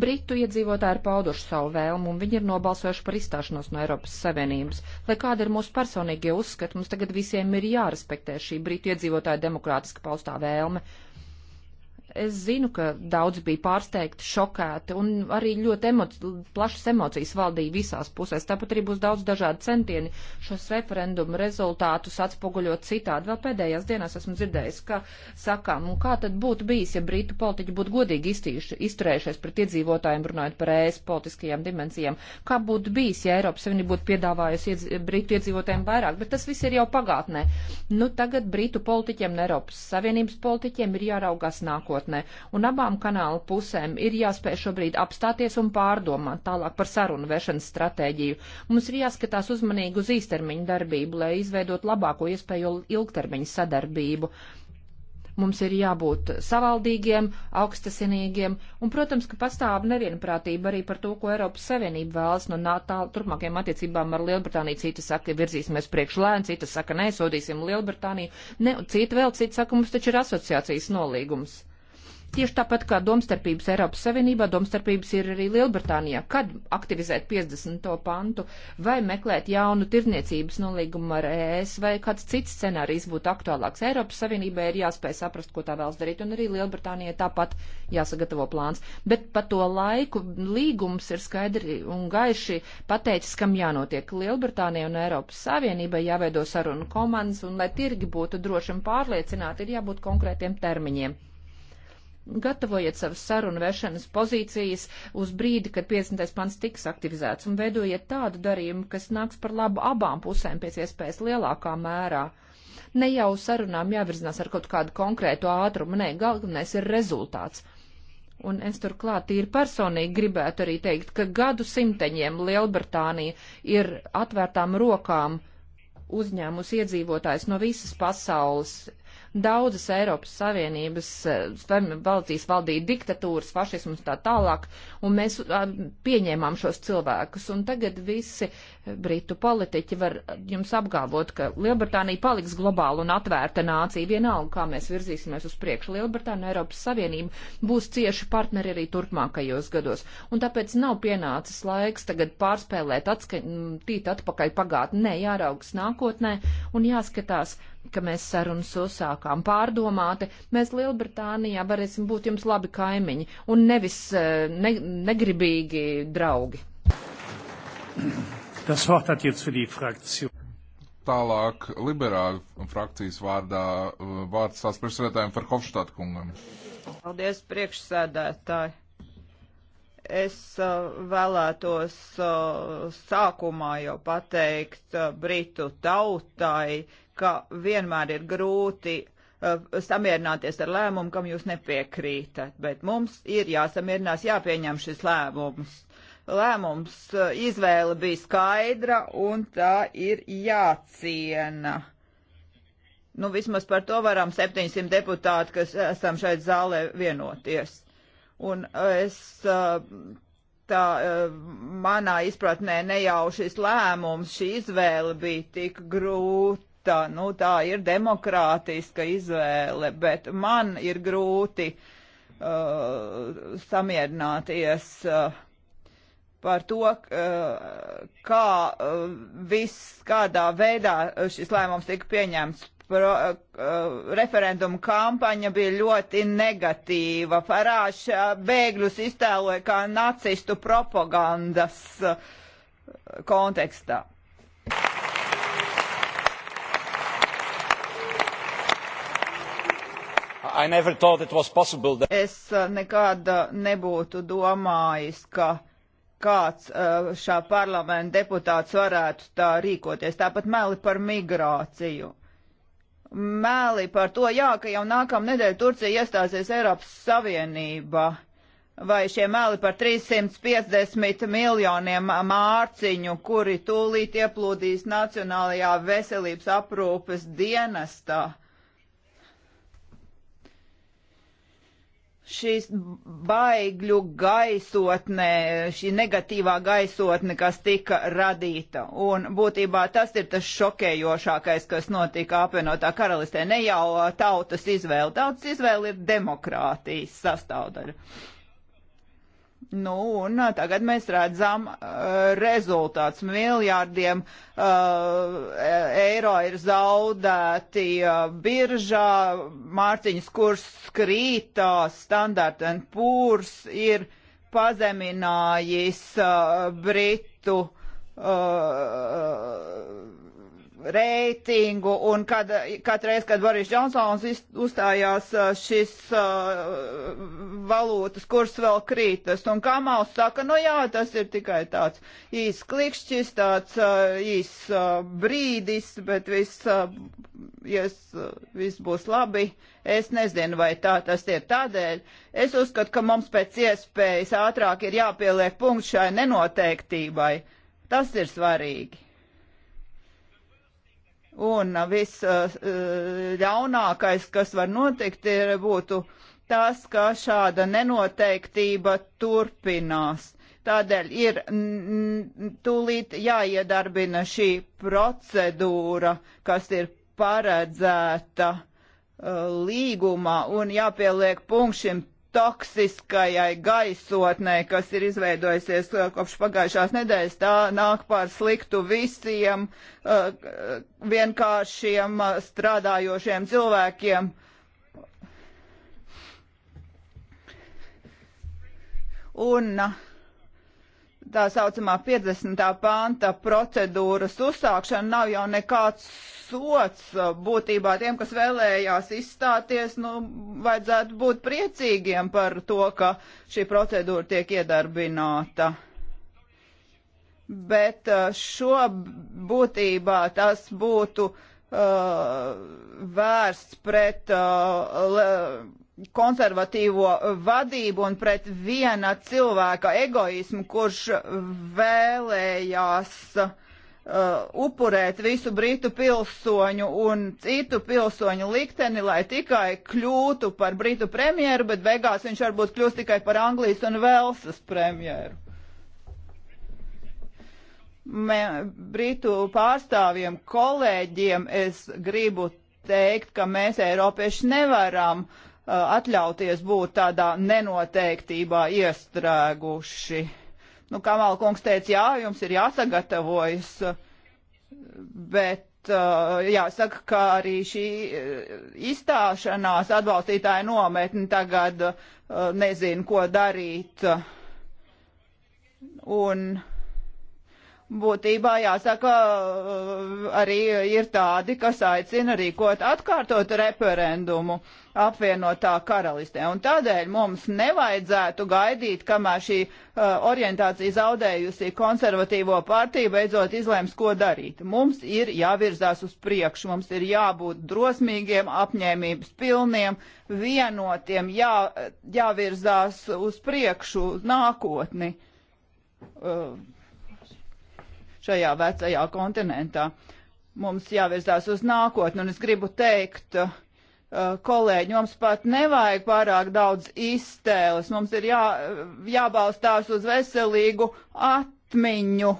Britu iedzīvotāji ir pauduši savu vēlmu, un viņi ir nobalsojuši par izstāšanos no Eiropas Savienības. Lai kāda ir mūsu personīgie uzskati, mums tagad visiem ir jārespektē šī Britu iedzīvotāja demokrātiska paustā vēlme. Uh, Es zinu, ka daudz bija pārsteigti, šokēti un arī ļoti emoci plašas emocijas valdīja visās pusēs. Tāpat arī būs daudz dažādu centieni šos referendumu rezultātus atspoguļot citādi. Vēl pēdējās dienās esmu dzirdējis, ka sakām, un kā tad būtu bijis, ja brītu politiķi būtu godīgi iztīši, izturējušies pret iedzīvotājiem, runājot par ēs politiskajām dimensijām. Kā būtu bijis, ja Eiropas Savienība būtu piedāvājusi iedz, brītu iedzīvotājiem vairāk, bet tas viss ir jau pagātnē. Nu, tagad brītu politiķiem un Eiropas Savienības politiķiem ir jāraugās nākotnē nākotnē, un abām kanāla pusēm ir jāspēj šobrīd apstāties un pārdomāt tālāk par sarunu vešanas stratēģiju. Mums ir jāskatās uzmanīgi uz īstermiņu darbību, lai izveidot labāko iespēju ilgtermiņu sadarbību. Mums ir jābūt savaldīgiem, augstasinīgiem, un, protams, ka pastāv nevienprātība arī par to, ko Eiropas Savienība vēlas no NATO turpmākajām attiecībām ar Lielbritāniju. Cita saka, virzīsimies priekš lēni, cita saka, nesodīsim Lielbritāniju, ne, cita vēl, cita saka, mums taču ir asociācijas nolīgums. Tieši tāpat kā domstarpības Eiropas Savienībā, domstarpības ir arī Lielbritānijā. Kad aktivizēt 50. pantu vai meklēt jaunu tirniecības nolīgumu ar ES vai kāds cits scenārijs būtu aktuālāks? Eiropas Savienībai ir jāspēj saprast, ko tā vēlas darīt, un arī Lielbritānijai tāpat jāsagatavo plāns. Bet pa to laiku līgums ir skaidri un gaiši pateicis, kam jānotiek. Lielbritānijai un Eiropas Savienībai jāveido sarunu komandas, un lai tirgi būtu droši un pārliecināti, ir jābūt konkrētiem termiņiem gatavojiet savas sarunu vešanas pozīcijas uz brīdi, kad 50. pants tiks aktivizēts un veidojiet tādu darījumu, kas nāks par labu abām pusēm pēc iespējas lielākā mērā. Ne jau sarunām jāvirzinās ar kaut kādu konkrētu ātrumu, nē, galvenais ir rezultāts. Un es turklāt īri personīgi gribētu arī teikt, ka gadu simteņiem Lielbritānija ir atvērtām rokām uzņēmusi iedzīvotājs no visas pasaules Daudzas Eiropas Savienības eh, valstīs valdīja diktatūras, fašisms tā tālāk, un mēs eh, pieņēmām šos cilvēkus. Un tagad visi britu politiķi var jums apgalvot, ka Lielbritānija paliks globāla un atvērta nācija vienalga, kā mēs virzīsimies uz priekšu. Lielbritānija Eiropas Savienība būs cieši partneri arī turpmākajos gados, un tāpēc nav pienācis laiks tagad pārspēlēt atska... tīt atpakaļ pagātnē, jāraugs nākotnē un jāskatās, ka mēs sarunas uzsākām pārdomāti, mēs Lielbritānijā varēsim būt jums labi kaimiņi un nevis eh, ne, negribīgi draugi. Mm-hmm. Das Wort hat jetzt für die Fraktion. Tālāk liberāļu frakcijas vārdā uh, vārds tās priekšsēdētājiem par Hofstāt kungam. Paldies, priekšsēdētāji. Es uh, vēlētos uh, sākumā jau pateikt uh, Britu tautai, ka vienmēr ir grūti uh, samierināties ar lēmumu, kam jūs nepiekrītat, bet mums ir jāsamierinās, jāpieņem šis lēmums lēmums, eh, izvēle bija skaidra un tā ir jāciena. Nu, vismaz par to varam 700 deputāti, kas esam šeit zālē vienoties. Un es eh, tā eh, manā izpratnē nejaušis lēmums, šī izvēle bija tik grūta. Nu, tā ir demokrātiska izvēle, bet man ir grūti uh, samierināties uh, par to, uh, kā uh, viss, kādā veidā šis lēmums tika pieņemts. Pro, uh, referendumu kampaņa bija ļoti negatīva. Farāš bēgļus iztēloja kā nacistu propagandas kontekstā. That... Es nekad nebūtu domājis, ka kāds uh, šā parlamenta deputāts varētu tā rīkoties. Tāpat meli par migrāciju. Meli par to, jā, ka jau nākamā nedēļa Turcija iestāsies Eiropas Savienībā. Vai šie meli par 350 miljoniem mārciņu, kuri tūlīt ieplūdīs Nacionālajā veselības aprūpes dienestā? šīs baigļu gaisotnē, šī negatīvā gaisotne, kas tika radīta. Un būtībā tas ir tas šokējošākais, kas notika apvienotā karalistē. Ne jau tautas izvēle. Tautas izvēle ir demokrātijas sastāvdaļa. Nu, un uh, tagad mēs redzam uh, rezultāts. Miljārdiem uh, e, eiro ir zaudēti uh, biržā, mārciņas kurs skrītās, standart and pūrs ir pazeminājis uh, Britu uh, reitingu, un kad, katreiz, kad Boris Džonsons uzstājās, šis uh, valūtas kurs vēl krītas, un Kamals saka, nu jā, tas ir tikai tāds īs klikšķis, tāds uh, īs uh, brīdis, bet viss, uh, yes, uh, viss būs labi. Es nezinu, vai tā tas ir tādēļ. Es uzskatu, ka mums pēc iespējas ātrāk ir jāpieliek punkts šai nenoteiktībai. Tas ir svarīgi. Un viss uh, uh, ļaunākais, kas var notikt, ir būtu tas, ka šāda nenoteiktība turpinās. Tādēļ ir tūlīt jāiedarbina šī procedūra, kas ir paredzēta uh, līgumā un jāpieliek punkts šim toksiskajai gaisotnē, kas ir izveidojusies uh, kopš pagājušās nedēļas, tā nāk par sliktu visiem uh, vienkāršiem uh, strādājošiem cilvēkiem. Un uh, tā saucamā 50. panta procedūras uzsākšana nav jau nekāds sots uh, būtībā tiem, kas vēlējās izstāties, nu, vajadzētu būt priecīgiem par to, ka šī procedūra tiek iedarbināta. Bet uh, šo būtībā tas būtu uh, vērsts pret uh, konservatīvo vadību un pret viena cilvēka egoismu, kurš vēlējās uh, upurēt visu britu pilsoņu un citu pilsoņu likteni, lai tikai kļūtu par britu premjeru, bet beigās viņš varbūt kļūst tikai par Anglijas un Velsas premjeru. Me, britu pārstāvjiem, kolēģiem es gribu teikt, ka mēs, Eiropieši, nevaram uh, Uh, atļauties būt tādā nenoteiktībā iestrēguši. Nu, Kamala kungs teica, jā, jums ir jāsagatavojas, bet uh, jāsaka, ka arī šī uh, izstāšanās atbalstītāja nometni tagad nezinu, ko darīt. Un būtībā jāsaka, arī ir tādi, kas aicina rīkot atkārtot referendumu. Uh, apvienotā karalistē. Un tādēļ mums nevajadzētu gaidīt, kamēr šī uh, orientācija zaudējusī konservatīvo partiju beidzot izlēms, ko darīt. Mums ir jāvirzās uz priekšu, mums ir jābūt drosmīgiem, apņēmības pilniem, vienotiem, jā, jāvirzās uz priekšu nākotni uh, šajā vecajā kontinentā. Mums jāvirzās uz nākotni, un es gribu teikt, uh, Eh, kolēģi, mums pat nevajag pārāk daudz iztēles, mums ir jā, jābalstās uz veselīgu atmiņu.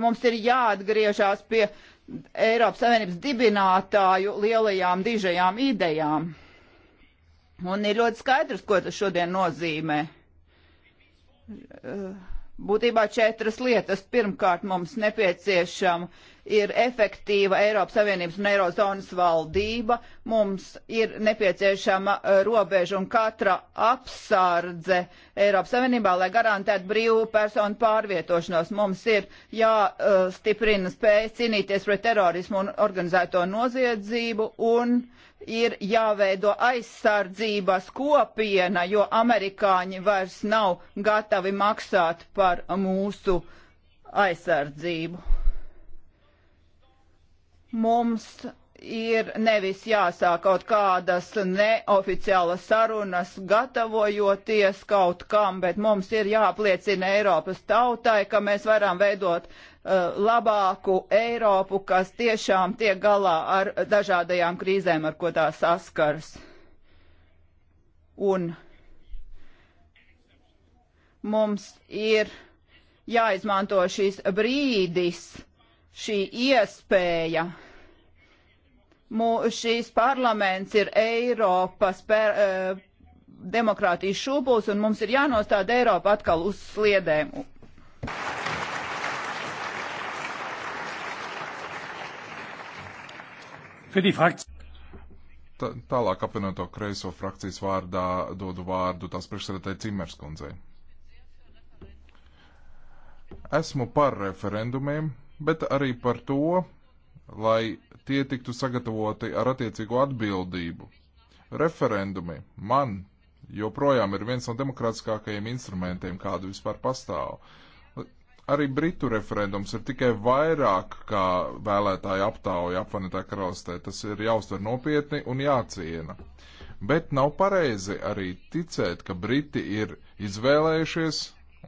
Mums ir jāatgriežās pie Eiropas Savienības dibinātāju lielajām dižajām idejām. Un ir ļoti skaidrs, ko tas šodien nozīmē. Eh, būtībā četras lietas. Pirmkārt, mums nepieciešama uh, ir efektīva Eiropas Savienības un Eirozonas valdība, mums ir nepieciešama uh, robeža un katra apsārdze Eiropas Savienībā, lai garantētu brīvu personu pārvietošanos. Mums ir jāstiprina uh, spēja cīnīties pret terorismu un organizēto noziedzību un ir jāveido aizsardzības kopiena, jo amerikāņi vairs nav gatavi maksāt par mūsu aizsardzību Mums ir nevis jāsāk kaut kādas neoficiālas sarunas, gatavojoties kaut kam, bet mums ir jāpliecina Eiropas tautai, ka mēs varam veidot uh, labāku Eiropu, kas tiešām tiek galā ar dažādajām krīzēm, ar ko tā saskaras. Un mums ir jāizmanto šīs brīdis, šī iespēja. Mū, šīs parlaments ir Eiropas per, eh, demokrātijas šūpuls, un mums ir jānostāda Eiropa atkal uz sliedēm. Tā, tālāk apvienoto kreiso frakcijas vārdā dodu vārdu tās priekšsēdētāji Cimerskundzei. Esmu par referendumiem, bet arī par to, lai tie tiktu sagatavoti ar attiecīgo atbildību. Referendumi man joprojām ir viens no demokrātiskākajiem instrumentiem, kādu vispār pastāv. Arī Britu referendums ir tikai vairāk kā vēlētāja aptauja apvanetā karalistē. Tas ir jāuztver nopietni un jāciena. Bet nav pareizi arī ticēt, ka Briti ir izvēlējušies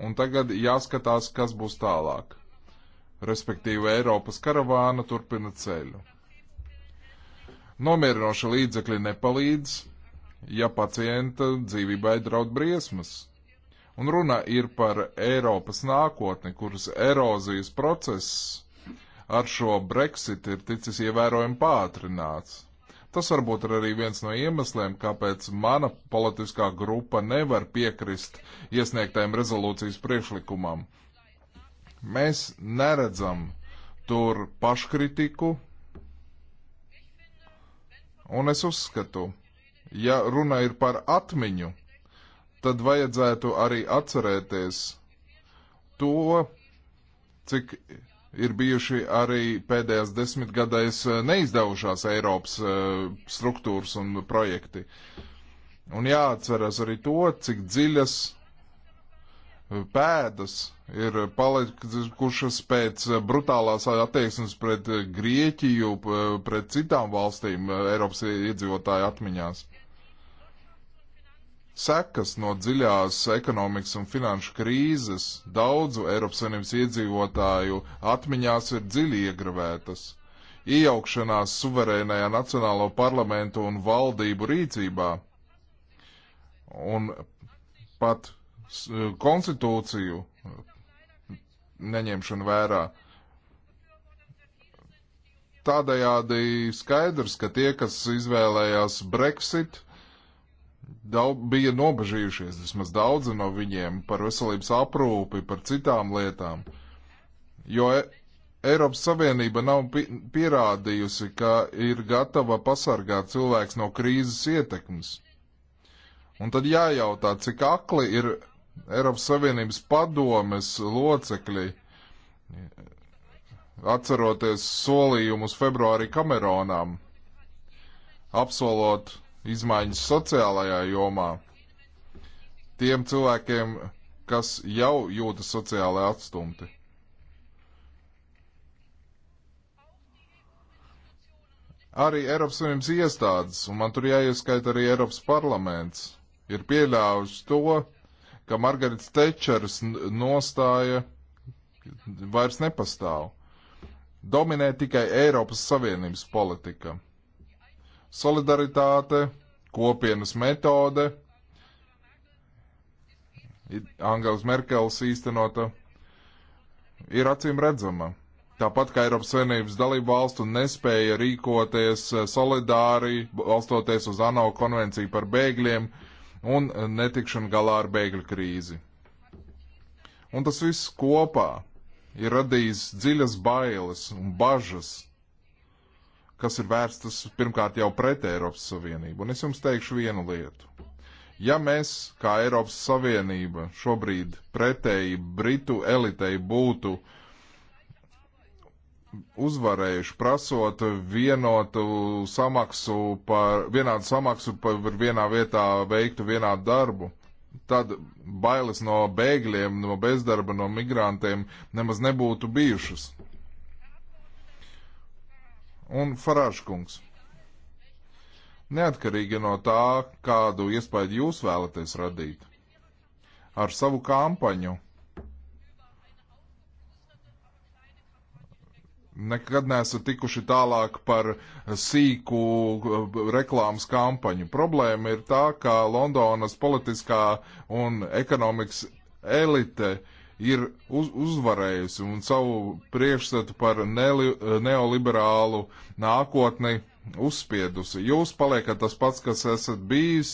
un tagad jāskatās, kas būs tālāk respektīvi Eiropas karavāna turpina ceļu. Nomierinoši līdzekļi nepalīdz, ja pacienta dzīvībai draud briesmas. Un runa ir par Eiropas nākotni, kuras erozijas process ar šo Brexit ir ticis ievērojami pātrināts. Tas varbūt ir arī viens no iemesliem, kāpēc mana politiskā grupa nevar piekrist iesniegtajam rezolūcijas priekšlikumam. Mēs neredzam tur paškritiku, un es uzskatu, ja runa ir par atmiņu, tad vajadzētu arī atcerēties to, cik ir bijuši arī pēdējās desmitgadēs eh, neizdevušās Eiropas eh, struktūras un projekti. Un jāatceras arī to, cik dziļas pēdas ir palikušas pēc brutālās attieksmes pret Grieķiju, pret citām valstīm Eiropas iedzīvotāju atmiņās. Sekas no dziļās ekonomikas un finanšu krīzes daudzu Eiropas Savienības iedzīvotāju atmiņās ir dziļi iegravētas. Iejaukšanās suverēnajā nacionālo parlamentu un valdību rīcībā un pat Eh, konstitūciju eh, neņemšanu vērā. Tādējādi skaidrs, ka tie, kas izvēlējās Brexit, daudz, bija nobežījušies, vismaz daudzi no viņiem, par veselības aprūpi, par citām lietām. Jo e Eiropas Savienība nav pi pierādījusi, ka ir gatava pasargāt cilvēks no krīzes ietekmes. Un tad jājautā, cik akli ir Eiropas Savienības padomes locekļi, atceroties solījumus februārī Kameronām, apsolot izmaiņas sociālajā jomā tiem cilvēkiem, kas jau jūtas sociāli atstumti. Arī Eiropas Savienības iestādes, un man tur jāieskaita arī Eiropas parlaments, ir pieļāvuši to, ka Margarita Tečers nostāja vairs nepastāv. Dominē tikai Eiropas Savienības politika. Solidaritāte, kopienas metode, Angels Merkels īstenota, ir acīm redzama. Tāpat kā Eiropas Savienības dalību valstu nespēja rīkoties eh, solidāri, balstoties uz ANO konvenciju par bēgļiem, uh, un netikšana galā ar bēgļu krīzi. Un tas viss kopā ir radījis dziļas bailes un bažas, kas ir vērstas pirmkārt jau pret Eiropas Savienību. Un es jums teikšu vienu lietu. Ja mēs, kā Eiropas Savienība, šobrīd pretēji Britu elitei būtu uh, uzvarējuši, prasot vienotu samaksu par vienādu samaksu par vienā vietā veiktu vienādu darbu. Tad bailes no bēgļiem, no bezdarba, no migrantiem nemaz nebūtu bijušas. Un Farāškungs. Neatkarīgi no tā, kādu iespēju jūs vēlaties radīt ar savu kampaņu Nekad neesat tikuši tālāk par sīku eh, reklāmas kampaņu. Problēma ir tā, ka Londonas politiskā un ekonomikas elite ir uz, uzvarējusi un savu priekšstatu par neli, eh, neoliberālu nākotni uzspiedusi. Jūs paliekat tas pats, kas esat bijis,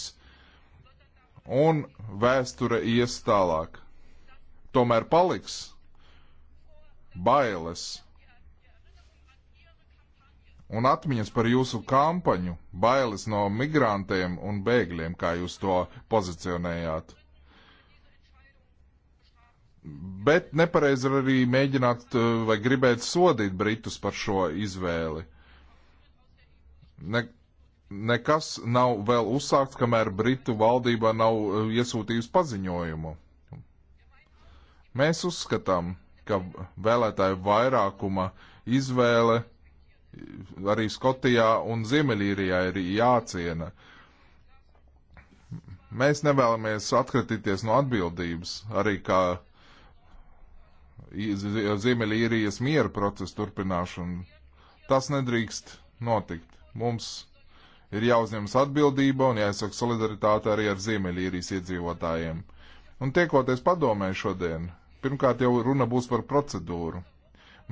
un vēsture ies tālāk. Tomēr paliks bailes un atmiņas par jūsu kampaņu, bailes no migrantiem un bēgļiem, kā jūs to pozicionējāt. Bet nepareizi arī mēģināt eh, vai gribēt sodīt Britus par šo izvēli. Ne, nekas nav vēl uzsākts, kamēr Britu valdība nav eh, iesūtījusi paziņojumu. Mēs uzskatām, ka vēlētāju vairākuma izvēle arī Skotijā un Ziemeļīrijā ir jāciena. Mēs nevēlamies atkritīties no atbildības, arī kā Ziemeļīrijas miera procesa turpināšana. Tas nedrīkst notikt. Mums ir jāuzņemas atbildība un jāizsaka solidaritāte arī ar Ziemeļīrijas iedzīvotājiem. Un tiekoties padomē šodien, pirmkārt jau runa būs par procedūru.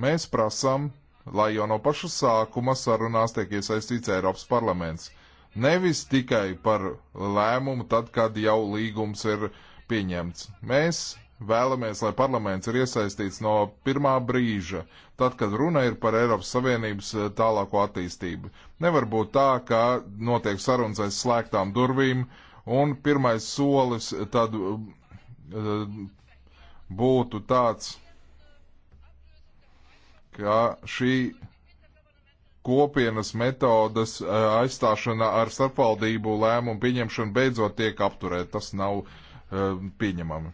Mēs prasām lai jau no paša sākuma sarunās tiek iesaistīts Eiropas parlaments. Nevis tikai par lēmumu tad, kad jau līgums ir pieņemts. Mēs vēlamies, lai parlaments ir iesaistīts no pirmā brīža, tad, kad runa ir par Eiropas Savienības eh, tālāko attīstību. Nevar būt tā, ka notiek sarunas aiz slēgtām durvīm, un pirmais solis tad eh, būtu tāds, ka šī kopienas metodas eh, aizstāšana ar starpvaldību lēmumu pieņemšanu beidzot tiek apturēta. Tas nav eh, pieņemami.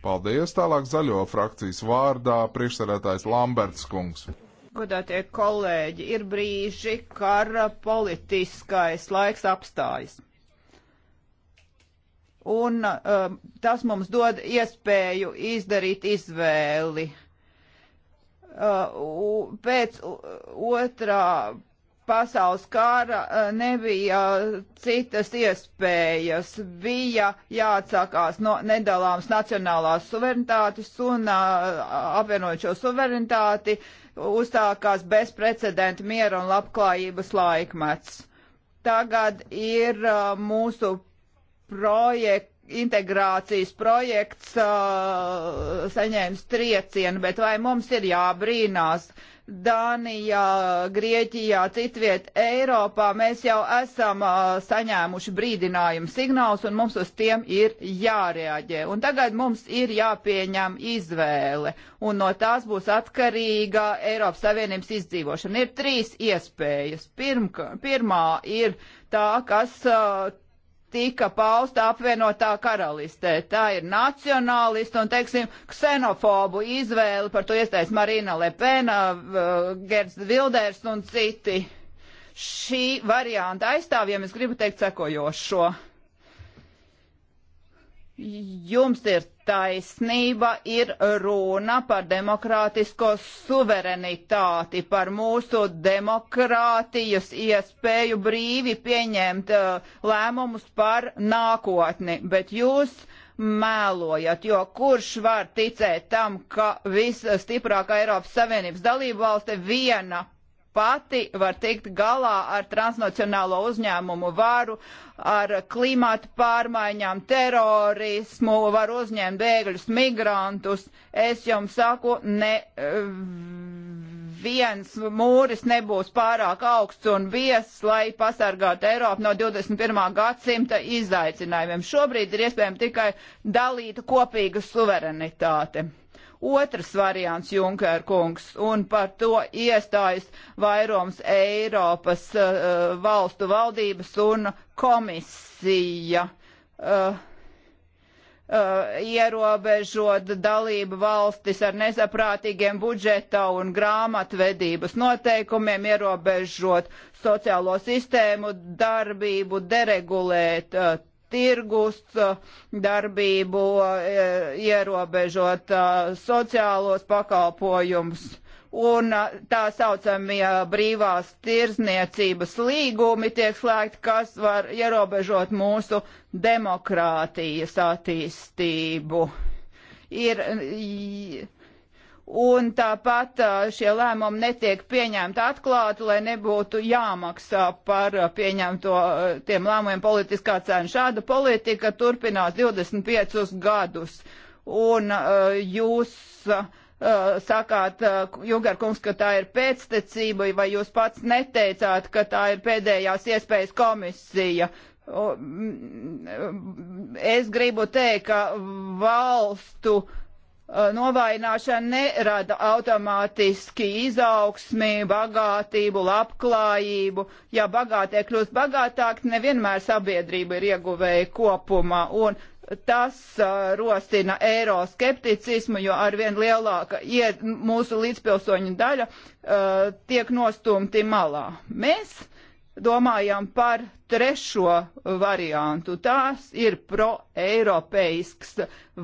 Paldies tālāk zaļo frakcijas vārdā priekšsarētājs Lamberts kungs. Godātie kolēģi, ir brīži, kad politiskais laiks apstājas. Un um, tas mums dod iespēju izdarīt izvēli. Uh, uh, pēc otrā pasaules kara eh, nebija eh, citas iespējas. Bija jāatsakās no nedalāmas nacionālās suverenitātes un eh, apvienot šo suverenitāti uzsākās bezprecedenta miera un labklājības laikmets. Tagad ir mūsu projekt integrācijas projekts uh, saņēmis triecienu, bet vai mums ir jābrīnās? Dānijā, Grieķijā, citviet Eiropā mēs jau esam uh, saņēmuši brīdinājumu signālus un mums uz tiem ir jārēģē. Un tagad mums ir jāpieņem izvēle un no tās būs atkarīga Eiropas Savienības izdzīvošana. Ir trīs iespējas. Pirmka, pirmā ir tā, kas uh, tika pausta apvienotā karalistē. Tā ir nacionālistu un, teiksim, ksenofobu izvēle, par to iestājas Marina Lepena, Gerds Vilders un citi. Šī varianta aizstāvjiem es gribu teikt sekojošo. Jums ir taisnība, ir runa par demokrātisko suverenitāti, par mūsu demokrātijas iespēju brīvi pieņemt uh, lēmumus par nākotni, bet jūs mēlojat, jo kurš var ticēt tam, ka visstiprākā Eiropas Savienības dalība valste viena pati var tikt galā ar transnacionālo uzņēmumu varu, ar klimatu pārmaiņām, terorismu, var uzņemt bēgļus, migrantus. Es jums saku, ne, viens mūris nebūs pārāk augsts un viesis, lai pasargātu Eiropu no 21. gadsimta izaicinājumiem. Šobrīd ir iespējams tikai dalīta kopīga suverenitāte otrs variants Junker kungs, un par to iestājas vairums Eiropas uh, valstu valdības un komisija. Uh, Uh, ierobežot dalību valstis ar nesaprātīgiem budžeta un grāmatvedības noteikumiem, ierobežot sociālo sistēmu darbību, deregulēt uh, tirgus darbību, e, ierobežot e, sociālos pakalpojumus un e, tā saucamie brīvās tirzniecības līgumi tiek slēgti, kas var ierobežot mūsu demokrātijas attīstību. Ir un tāpat šie lēmumi netiek pieņemti atklāti, lai nebūtu jāmaksā par pieņemto tiem lēmumiem politiskā cena. Šāda politika turpinās 25 gadus, un jūs sakāt, Jungar kungs, ka tā ir pēctecība, vai jūs pats neteicāt, ka tā ir pēdējās iespējas komisija. Es gribu teikt, ka valstu uh, Uh, novaināšana nerada automātiski izaugsmi, bagātību, labklājību. Ja bagātie kļūst bagātāki, nevienmēr sabiedrība ir ieguvēja kopumā, un tas uh, rostina eiroskepticismu, jo arvien lielāka ied, mūsu līdzpilsoņu daļa uh, tiek nostumti malā. Mēs uh, domājam par trešo variantu. Tās ir proeiropeisks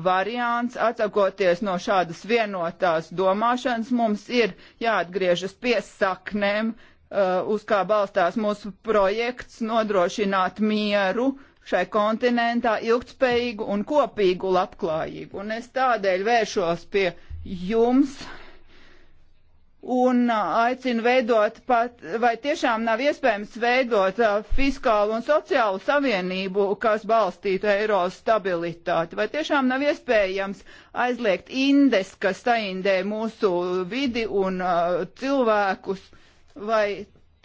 variants. Atsakoties no šādas vienotās domāšanas, mums ir jāatgriežas pie saknēm, uh, uz kā balstās mūsu projekts nodrošināt mieru šai kontinentā, ilgtspējīgu un kopīgu labklājību. Un es tādēļ vēršos pie jums un uh, aicina veidot pat, vai tiešām nav iespējams veidot uh, fiskālu un sociālu savienību, kas balstītu eiro stabilitāti, vai tiešām nav iespējams aizliegt indes, kas saindē mūsu vidi un uh, cilvēkus, vai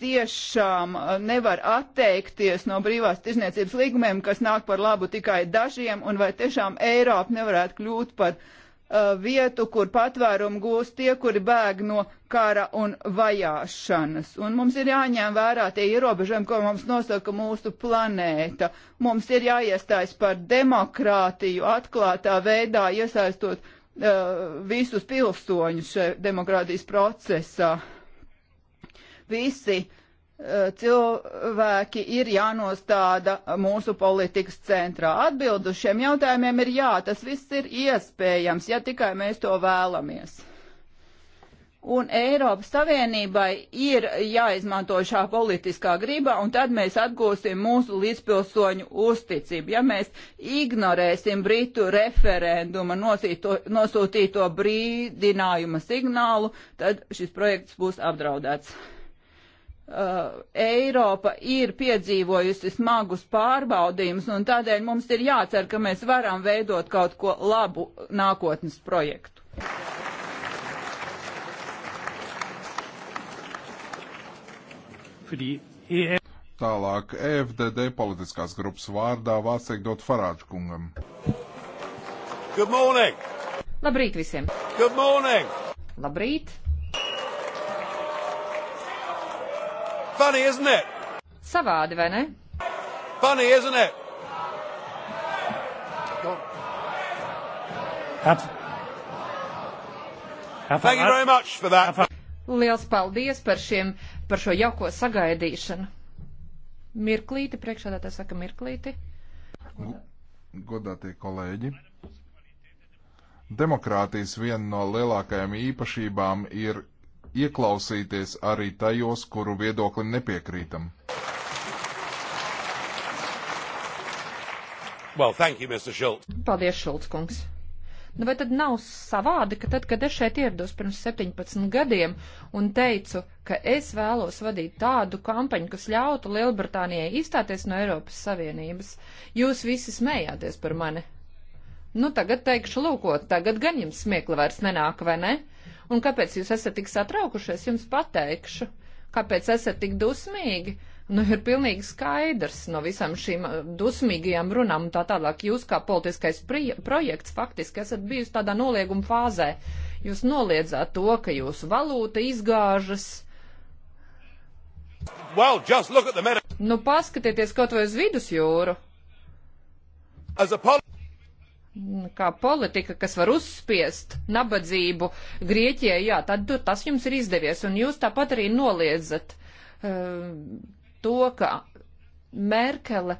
tiešām uh, nevar atteikties no brīvās tirzniecības līgumiem, kas nāk par labu tikai dažiem, un vai tiešām Eiropa nevarētu kļūt par uh, Uh, vietu, kur patvērumu gūs tie, kuri bēg no kara un vajāšanas. Un mums ir jāņem vērā tie ierobežojumi, ko mums nosaka mūsu planēta. Mums ir jāiestājas par demokrātiju atklātā veidā, iesaistot uh, visus pilsoņus šajā demokrātijas procesā. Visi uh, cilvēki ir jānostāda mūsu politikas centrā. Atbildu šiem jautājumiem ir jā, tas viss ir iespējams, ja tikai mēs to vēlamies. Un Eiropas Savienībai ir jāizmanto šā politiskā grība, un tad mēs atgūsim mūsu līdzpilsoņu uzticību. Ja mēs ignorēsim Britu referenduma nosīto, nosūtīto brīdinājuma signālu, tad šis projekts būs apdraudēts. Uh, Eiropa ir piedzīvojusi smagus pārbaudījumus, un tādēļ mums ir jācer, ka mēs varam veidot kaut ko labu nākotnes projektu. Tālāk EFDD politiskās grupas vārdā vārds tiek dot Farāģu kungam. Labrīt visiem! Labrīt! Funny, isn't it? Savādi, vai ne? Funny, isn't it? Have, have Thank you very much for that. Have, Liels paldies par, šiem, par šo jauko sagaidīšanu. Mirklīti, priekšādā tā saka mirklīti. Nu, godātie kolēģi, demokrātijas viena no lielākajām īpašībām ir ieklausīties arī tajos, kuru viedoklim nepiekrītam. Well, thank you, Mr. Schultz. Paldies, Šulc kungs. Nu, vai tad nav savādi, ka tad, kad es šeit ierados pirms 17 gadiem un teicu, ka es vēlos vadīt tādu kampaņu, kas ļautu Lielbritānijai izstāties no Eiropas Savienības, jūs visi smējāties par mani? Nu, tagad teikšu, lūkot, tagad gan jums smiekli vairs nenāk, vai ne? Un kāpēc jūs esat tik satraukušies, jums pateikšu. Kāpēc esat tik dusmīgi? Nu, ir pilnīgi skaidrs no visām šīm uh, dusmīgajām runām un tā tālāk. Jūs kā politiskais projekts faktiski esat bijusi tādā nolieguma fāzē. Jūs noliedzāt to, ka jūsu valūta izgāžas. Well, nu, paskatieties kaut vai uz vidusjūru kā politika, kas var uzspiest nabadzību Grieķijai, jā, tad tas jums ir izdevies. Un jūs tāpat arī noliedzat uh, to, ka Merkele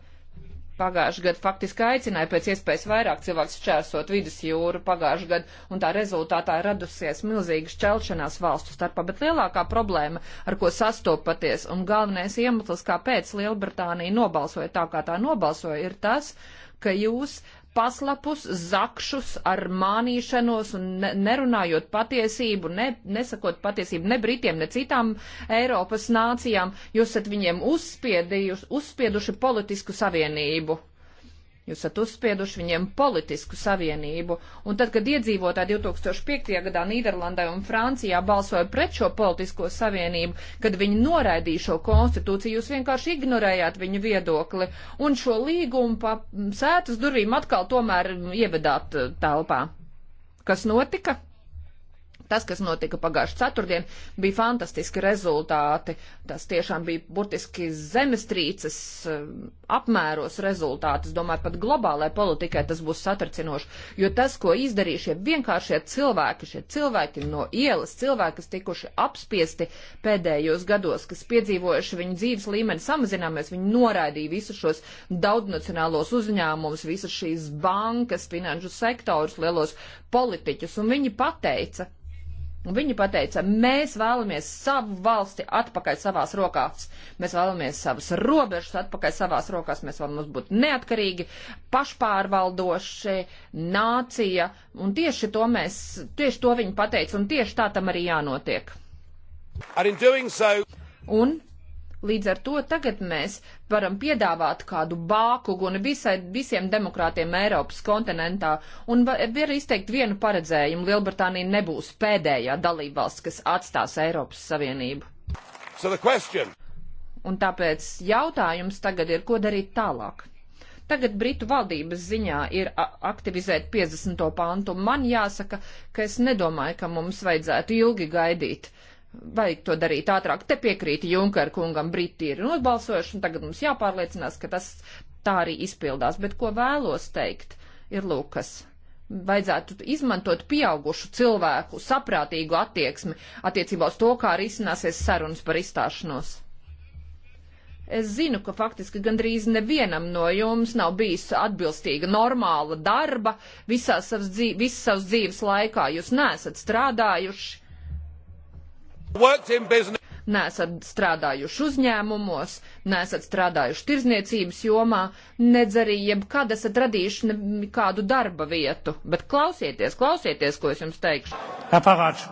pagājušajā gadā faktiski aicināja pēc iespējas vairāk cilvēku šķērsot vidus jūru pagājušajā gadā, un tā rezultātā radusies milzīga šķelšanās valstu starpā. Bet lielākā problēma, ar ko sastopaties, un galvenais iemesls, kāpēc Lielbritānija nobalsoja tā, kā tā nobalsoja, ir tas, ka jūs paslapus, zakšus ar mānīšanos un ne, nerunājot patiesību, ne, nesakot patiesību ne Britiem, ne citām Eiropas nācijām, jūs esat viņiem uzspieduši politisku savienību. Jūs esat uzspieduši viņiem politisku savienību, un tad, kad iedzīvotāji 2005. gadā Nīderlandē un Francijā balsoja pret šo politisko savienību, kad viņi noraidīja šo konstitūciju, jūs vienkārši ignorējāt viņu viedokli, un šo līgumu pa sētas durvīm atkal tomēr ievedāt eh, telpā. Kas notika? Tas, kas notika pagājušā ceturtdien, bija fantastiski rezultāti. Tas tiešām bija burtiski zemestrīces eh, apmēros rezultāti. Es domāju, pat globālajai politikai tas būs satricinoši, jo tas, ko izdarīja šie vienkāršie cilvēki, šie cilvēki no ielas, cilvēki, kas tikuši apspiesti pēdējos gados, kas piedzīvojuši viņu dzīves līmeni samazināmies, viņi noraidīja visus šos daudznacionālos uzņēmumus, visas šīs bankas, finanšu sektors, lielos politiķus, un viņi pateica, Un viņi pateica, mēs vēlamies savu valsti atpakaļ savās rokās, mēs vēlamies savas robežas atpakaļ savās rokās, mēs vēlamies būt neatkarīgi, pašpārvaldoši, nācija, un tieši to mēs, tieši to viņi pateica, un tieši tā tam arī jānotiek. So... Un Līdz ar to tagad mēs varam piedāvāt kādu bākuguni visai, visiem demokrātiem Eiropas kontinentā un var izteikt vienu paredzējumu. Lielbritānija nebūs pēdējā dalībvalsts, kas atstās Eiropas Savienību. So un tāpēc jautājums tagad ir, ko darīt tālāk? Tagad Britu valdības ziņā ir aktivizēt 50. pantu. Man jāsaka, ka es nedomāju, ka mums vajadzētu ilgi gaidīt. Uh, Vajag to darīt ātrāk. Te piekrīti Junker kungam, Briti ir nobalsojuši, un tagad mums jāpārliecinās, ka tas tā arī izpildās. Bet ko vēlos teikt, ir Lūkas. Vajadzētu izmantot pieaugušu cilvēku saprātīgu attieksmi attiecībā uz to, kā arī izcināsies sarunas par izstāšanos. Es zinu, ka faktiski gandrīz nevienam no jums nav bijis atbilstīga, normāla darba visā savas, dzīves, visas savas dzīves laikā. Jūs neesat strādājuši, Nesat strādājuši uzņēmumos, nesat strādājuši tirzniecības jomā, nedz arī jebkad esat radījuši kādu darba vietu. Bet klausieties, klausieties, ko es jums teikšu. Parāč,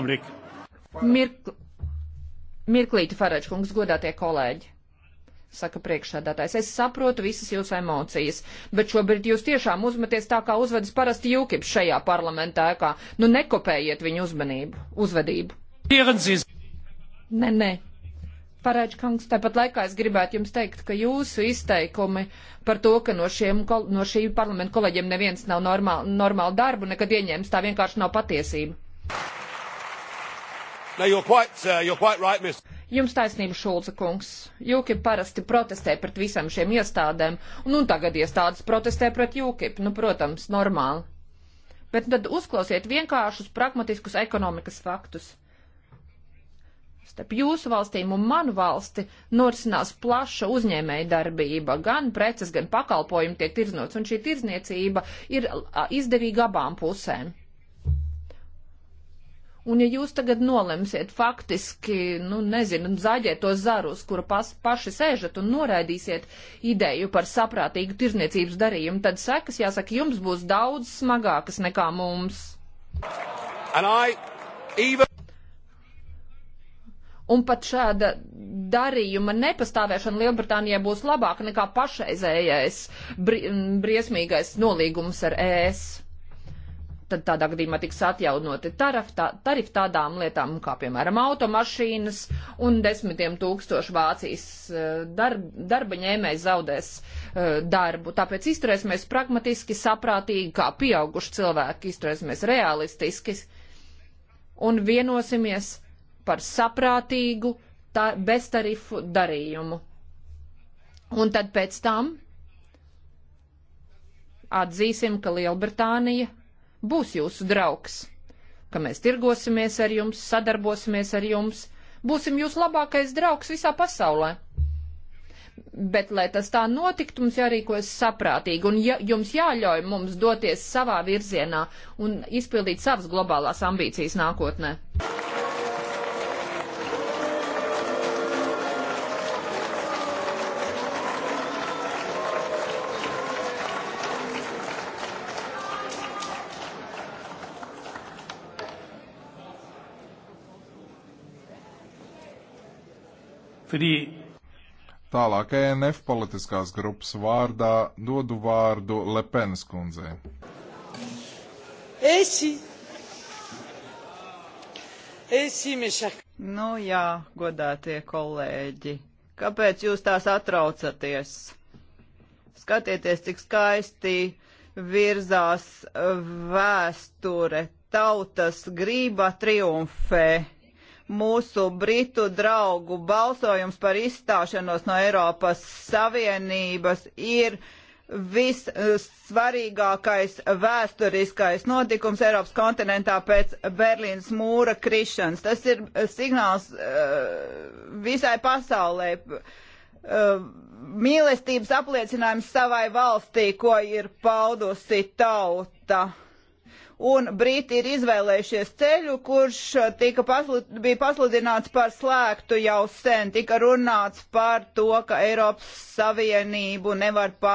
oblik. Mirkl... Mirklīti Farāč, kungs, godātie kolēģi saka priekšsēdētājs. Es saprotu visas jūsu emocijas, bet šobrīd jūs tiešām uzmeties tā, kā uzvedas parasti jūkips šajā parlamentā, kā nu nekopējiet viņu uzmanību, uzvedību. Nē, nē. Parāģi kungs, tāpat laikā es gribētu jums teikt, ka jūsu izteikumi par to, ka no, šiem, no šī parlamenta kolēģiem neviens nav normāli, normāli darbu, nekad ieņēmis, tā vienkārši nav patiesība. No, you're quite, uh, you're quite right, miss. Jums taisnība, Šulca kungs. UKIP parasti protestē pret visam šiem iestādēm, un nu, tagad iestādes protestē pret UKIP, nu, protams, normāli. Bet tad uzklausiet vienkāršus, pragmatiskus ekonomikas faktus starp jūsu valstīm un manu valsti norisinās plaša uzņēmēja darbība. Gan preces, gan pakalpojumi tiek tirznots, un šī tirzniecība ir izdevīga abām pusēm. Un ja jūs tagad nolemsiet faktiski, nu nezinu, zaģēt to zaru, uz kura pas, paši sēžat un noraidīsiet ideju par saprātīgu tirzniecības darījumu, tad sekas, jāsaka, jums būs daudz smagākas nekā mums. And I, even... Un pat šāda darījuma nepastāvēšana Lielbritānijai būs labāka nekā pašreizējais bri briesmīgais nolīgums ar ES. Tad tādā gadījumā tiks atjaunoti tarifi tā, tarif tādām lietām, kā piemēram automašīnas, un desmitiem tūkstošu Vācijas e, darb, darba ņēmēji zaudēs e, darbu. Tāpēc izturēsimies pragmatiski, saprātīgi, kā pieauguši cilvēki, izturēsimies realistiski un vienosimies par saprātīgu tā, beztarifu darījumu. Un tad pēc tam atzīsim, ka Lielbritānija būs jūsu draugs, ka mēs tirgosimies ar jums, sadarbosimies ar jums, būsim jūsu labākais draugs visā pasaulē. Bet, lai tas tā notiktu, mums jārīkojas saprātīgi un ja, jums jāļauj mums doties savā virzienā un izpildīt savas globālās ambīcijas nākotnē. Die... Tālāk ENF politiskās grupas vārdā dodu vārdu Lepenes kundzei. Esi. Eh, Esi, eh, mešāk. Nu jā, godātie kolēģi, kāpēc jūs tā satraucaties? Skatieties, cik skaisti virzās vēsture. Tautas grība triumfē mūsu britu draugu balsojums par izstāšanos no Eiropas Savienības ir vissvarīgākais vēsturiskais notikums Eiropas kontinentā pēc Berlīnas mūra krišanas. Tas ir signāls uh, visai pasaulē. Uh, mīlestības apliecinājums savai valstī, ko ir paudusi tauta. Uh, un Briti ir izvēlējušies ceļu, kurš uh, tika paslud, bija pasludināts par slēgtu jau sen. Tika runāts par to, ka Eiropas Savienību nevar, pa,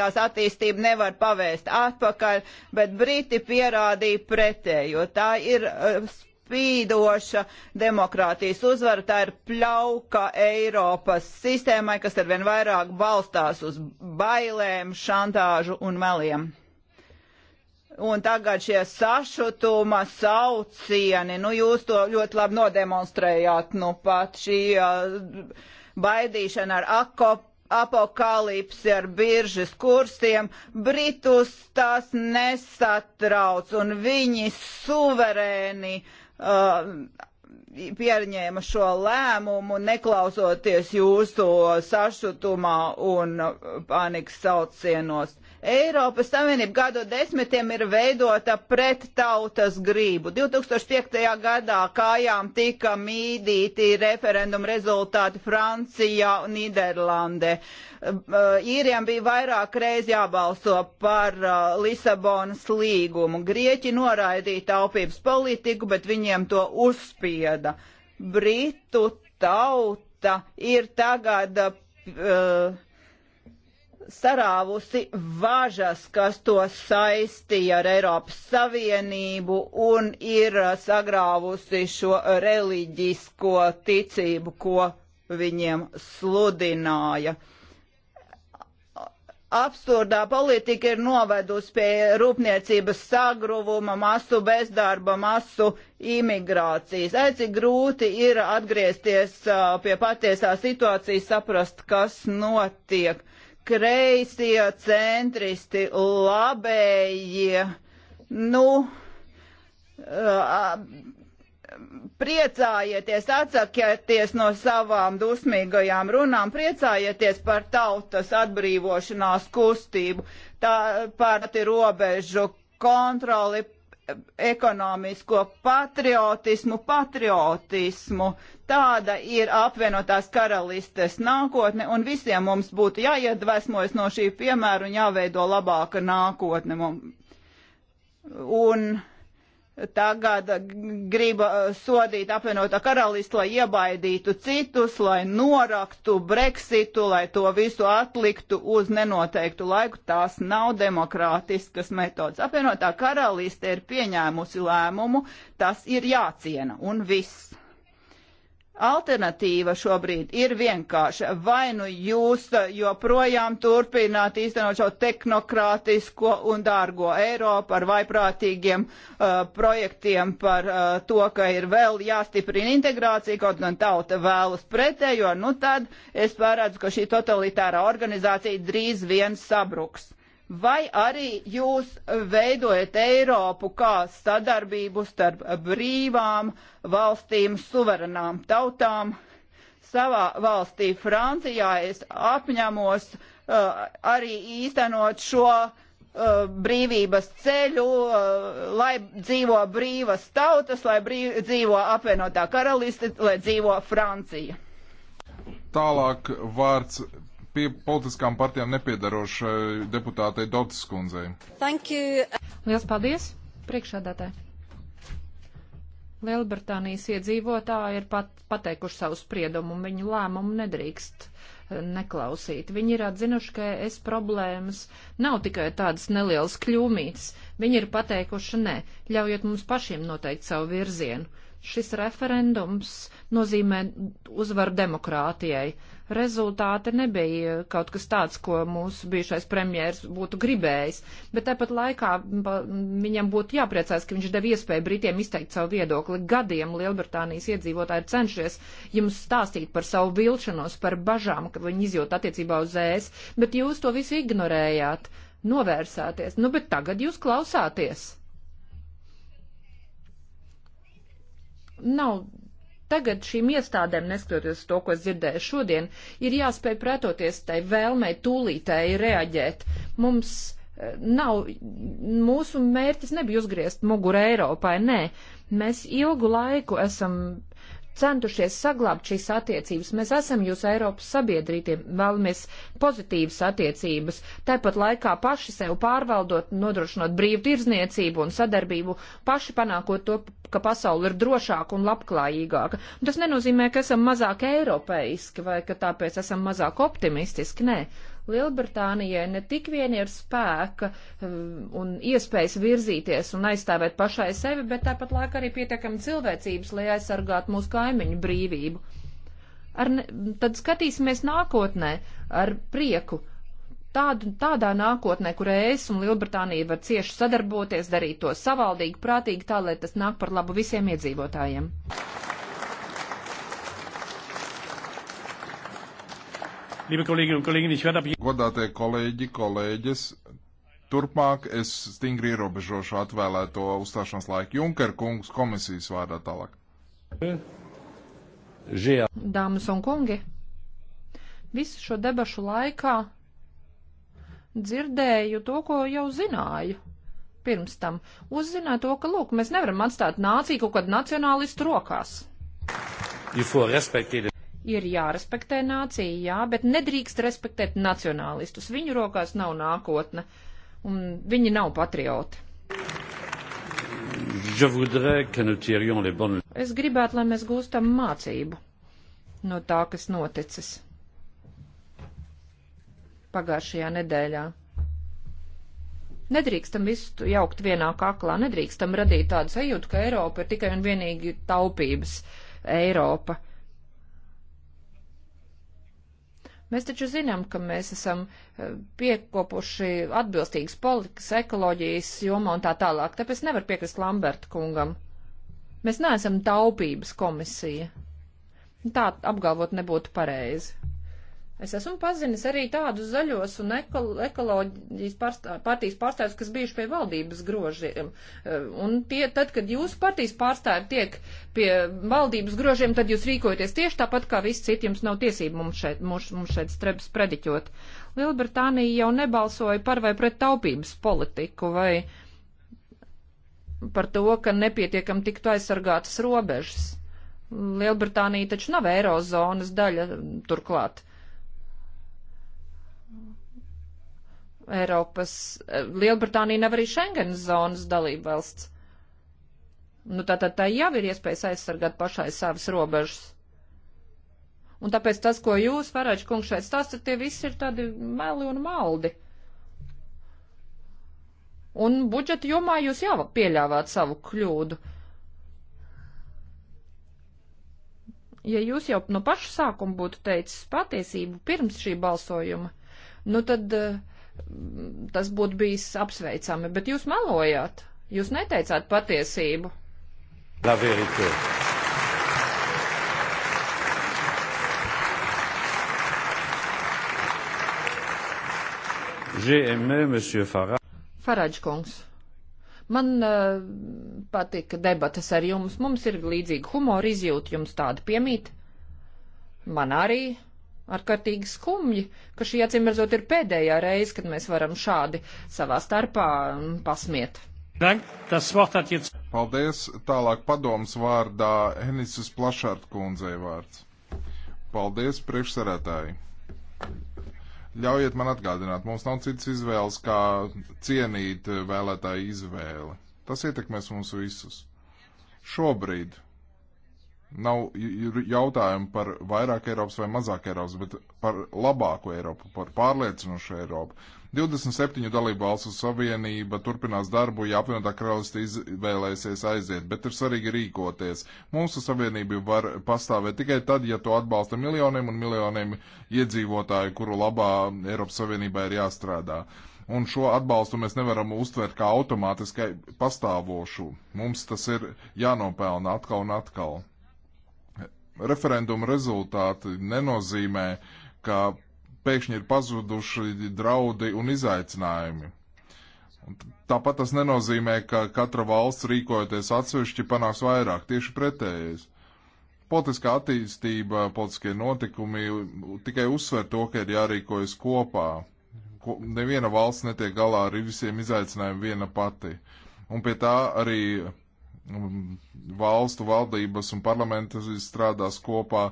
tās attīstību nevar pavēst atpakaļ, bet Briti pierādīja pretējo. Tā ir uh, spīdoša demokrātijas uzvara, tā ir pļauka Eiropas sistēmai, kas arvien vairāk balstās uz bailēm, šantāžu un meliem. Un tagad šie sašutuma saucieni, nu jūs to ļoti labi nodemonstrējāt, nu pat šī uh, baidīšana ar akop, apokalipsi ar biržas kursiem, Britus tās nesatrauc un viņi suverēni uh, pieņēma šo lēmumu, neklausoties jūsu sašutumā un panikas saucienos. Eiropas Savienība gadu desmitiem ir veidota pret tautas grību. 2005. gadā kājām tika mīdīti referendumu rezultāti Francijā un Niderlandē. Īriem bija vairāk reiz jābalso par Lisabonas līgumu. Grieķi noraidīja taupības politiku, bet viņiem to uzspieda. Britu tauta ir tagad. Uh, sarāvusi važas, kas to saistīja ar Eiropas Savienību un ir uh, sagrāvusi šo reliģisko ticību, ko viņiem sludināja. Absurdā politika ir novedusi pie rūpniecības sagruvuma, masu bezdarba, masu imigrācijas. Aici grūti ir atgriezties uh, pie patiesā situācijas, saprast, kas notiek. Uh, kreisie, centristi, labējie, nu, uh, priecājieties, atsakieties no savām dusmīgajām runām, priecājieties par tautas atbrīvošanās kustību, tā, par robežu kontroli, ekonomisko patriotismu, patriotismu. Tāda ir apvienotās karalistes nākotne, un visiem mums būtu jāiedvesmojas no šī piemēra un jāveido labāka nākotne. Un tagad grib uh, sodīt apvienotā karalistu, lai iebaidītu citus, lai noraktu Brexitu, lai to visu atliktu uz nenoteiktu laiku. Tās nav demokrātiskas metodas. Apvienotā karaliste ir pieņēmusi lēmumu, tas ir jāciena un viss. Alternatīva šobrīd ir vienkārša. Vai nu jūs joprojām turpināt īstenot šo tehnokrātisko un dārgo Eiropu ar vaiprātīgiem uh, projektiem par uh, to, ka ir vēl jāstiprina integrācija, kaut gan tauta vēlas pretējo, nu tad es pārādzu, ka šī totalitārā organizācija drīz vien sabruks vai arī jūs veidojat Eiropu kā sadarbību starp brīvām valstīm, suverenām tautām. Savā valstī Francijā es apņemos uh, arī īstenot šo uh, brīvības ceļu, uh, lai dzīvo brīvas tautas, lai brīv, dzīvo apvienotā karaliste, lai dzīvo Francija. Tālāk vārds pie politiskām partijām nepiedarošai deputātei Dotas kundzei. Lielas paldies, priekšādātāji! Lielbritānijas iedzīvotāji ir pat, pateikuši savu spriedumu, un viņu lēmumu nedrīkst eh, neklausīt. Viņi ir atzinuši, ka es problēmas nav tikai tādas nelielas kļūmītas. Viņi ir pateikuši, nē, ļaujiet mums pašiem noteikt savu virzienu. Šis referendums nozīmē uzvaru demokrātijai, rezultāti nebija kaut kas tāds, ko mūsu bijušais premjērs būtu gribējis, bet tāpat laikā viņam būtu jāpriecājas, ka viņš deva iespēju Britiem izteikt savu viedokli. Gadiem Lielbritānijas iedzīvotāji ir cenšies jums stāstīt par savu vilšanos, par bažām, ka viņi izjūt attiecībā uz ēs, bet jūs to visu ignorējāt, novērsāties. Nu, bet tagad jūs klausāties. Nav Tagad šīm iestādēm, neskatoties to, ko es dzirdēju šodien, ir jāspēj pretoties tai vēlmei tūlītēji reaģēt. Mums eh, nav, mūsu mērķis nebija uzgriezt muguru Eiropai, nē. Mēs ilgu laiku esam centušies saglābt šīs attiecības. Mēs esam jūs Eiropas sabiedrītie, vēlamies pozitīvas attiecības, tāpat laikā paši sev pārvaldot, nodrošinot brīvu tirzniecību un sadarbību, paši panākot to, ka pasauli ir drošāka un labklājīgāka. Tas nenozīmē, ka esam mazāk eiropeiski vai ka tāpēc esam mazāk optimistiski, nē. Lielbritānijai ne tik vien ir spēka um, un iespējas virzīties un aizstāvēt pašai sevi, bet tāpat laikā arī pietiekami cilvēcības, lai aizsargātu mūsu kaimiņu brīvību. Ar, ne, tad skatīsimies nākotnē ar prieku, tādu, tādā nākotnē, kur es un Lielbritānija var cieši sadarboties, darīt to savaldīgi, prātīgi, tā lai tas nāk par labu visiem iedzīvotājiem. Liebe Kolleginnen und Kollegen, ich werde ab Godātie kolēģi, kolēģis, turpmāk es stingri ierobežošu atvēlēto uzstāšanās laiku. Junker kungs komisijas vārdā tālāk. Dāmas un kungi, visu šo debašu laikā dzirdēju to, ko jau zināju pirms tam. Uzzināju to, ka, lūk, mēs nevaram atstāt nāciju kaut kad nacionālistu rokās ir jārespektē nācija, jā, bet nedrīkst respektēt nacionālistus. Viņu rokās nav nākotne, un viņi nav patrioti. Es gribētu, lai mēs gūstam mācību no tā, kas noticis pagājušajā nedēļā. Nedrīkstam visu jaukt vienā kaklā, nedrīkstam radīt tādu sajūtu, ka Eiropa ir tikai un vienīgi taupības Eiropa. Mēs taču zinām, ka mēs esam eh, piekopuši atbilstīgas politikas, ekoloģijas jomā un tā tālāk, tāpēc nevar piekrist Lamberta kungam. Mēs neesam taupības komisija. Tā apgalvot nebūtu pareizi. Es esmu pazinis arī tādus zaļos un eko, ekoloģijas pārstā, partijas pārstāvjus, kas bijuši pie valdības grožiem. E, un tie, tad, kad jūsu partijas pārstāvji tiek pie valdības grožiem, tad jūs rīkojaties tieši tāpat, kā visi citi. Jums nav tiesību mums šeit, mums, mums šeit strebs prediķot. Lielbritānija jau nebalsoja par vai pret taupības politiku vai par to, ka nepietiekam tiktu aizsargātas robežas. Lielbritānija taču nav eirozonas daļa turklāt Eiropas, eh, Lielbritānija nav arī Schengenas zonas dalība valsts. Nu, tātad tā, tā jau ir iespējas aizsargāt pašai savas robežas. Un tāpēc tas, ko jūs, Farāģi kungs, šeit stāstat, tie visi ir tādi meli un maldi. Un budžeta jomā jūs jau pieļāvāt savu kļūdu. Ja jūs jau no paša sākuma būtu teicis patiesību pirms šī balsojuma, nu tad uh, tas būtu bijis apsveicami, bet jūs melojāt. Jūs neteicāt patiesību. La vérité. J'ai aimé monsieur Farage. Farage kungs. Man uh, patika debatas ar jums. Mums ir līdzīga humora izjūta, jums tāda piemīt. Man arī ārkārtīgi skumji, ka šī acīmredzot ir pēdējā reize, kad mēs varam šādi savā starpā um, pasmiet. Paldies. Tālāk padoms vārdā Henisus Plašārt kundzei vārds. Paldies, priekšsarētāji. Ļaujiet man atgādināt, mums nav citas izvēles, kā cienīt uh, vēlētāju izvēli. Tas ietekmēs mūs visus. Šobrīd Nav jautājumu par vairāk Eiropas vai mazāk Eiropas, bet par labāko Eiropu, par pārliecinošu Eiropu. 27 dalību valstu savienība turpinās darbu, ja apvienotā karaliste izvēlēsies aiziet, bet ir svarīgi rīkoties. Mūsu savienība var pastāvēt tikai tad, ja to atbalsta miljoniem un miljoniem iedzīvotāju, kuru labā Eiropas Savienībā ir jāstrādā un šo atbalstu mēs nevaram uztvert kā automātiskai pastāvošu. Mums tas ir jānopelna atkal un atkal referenduma rezultāti nenozīmē, ka pēkšņi ir pazuduši draudi un izaicinājumi. Tāpat tas nenozīmē, ka katra valsts rīkojoties atsevišķi panāks vairāk, tieši pretējais. Politiskā attīstība, politiskie notikumi tikai uzsver to, ka ir jārīkojas kopā. Ko, neviena valsts netiek galā ar visiem izaicinājumiem viena pati. Un pie tā arī valstu valdības un parlamenta strādās kopā.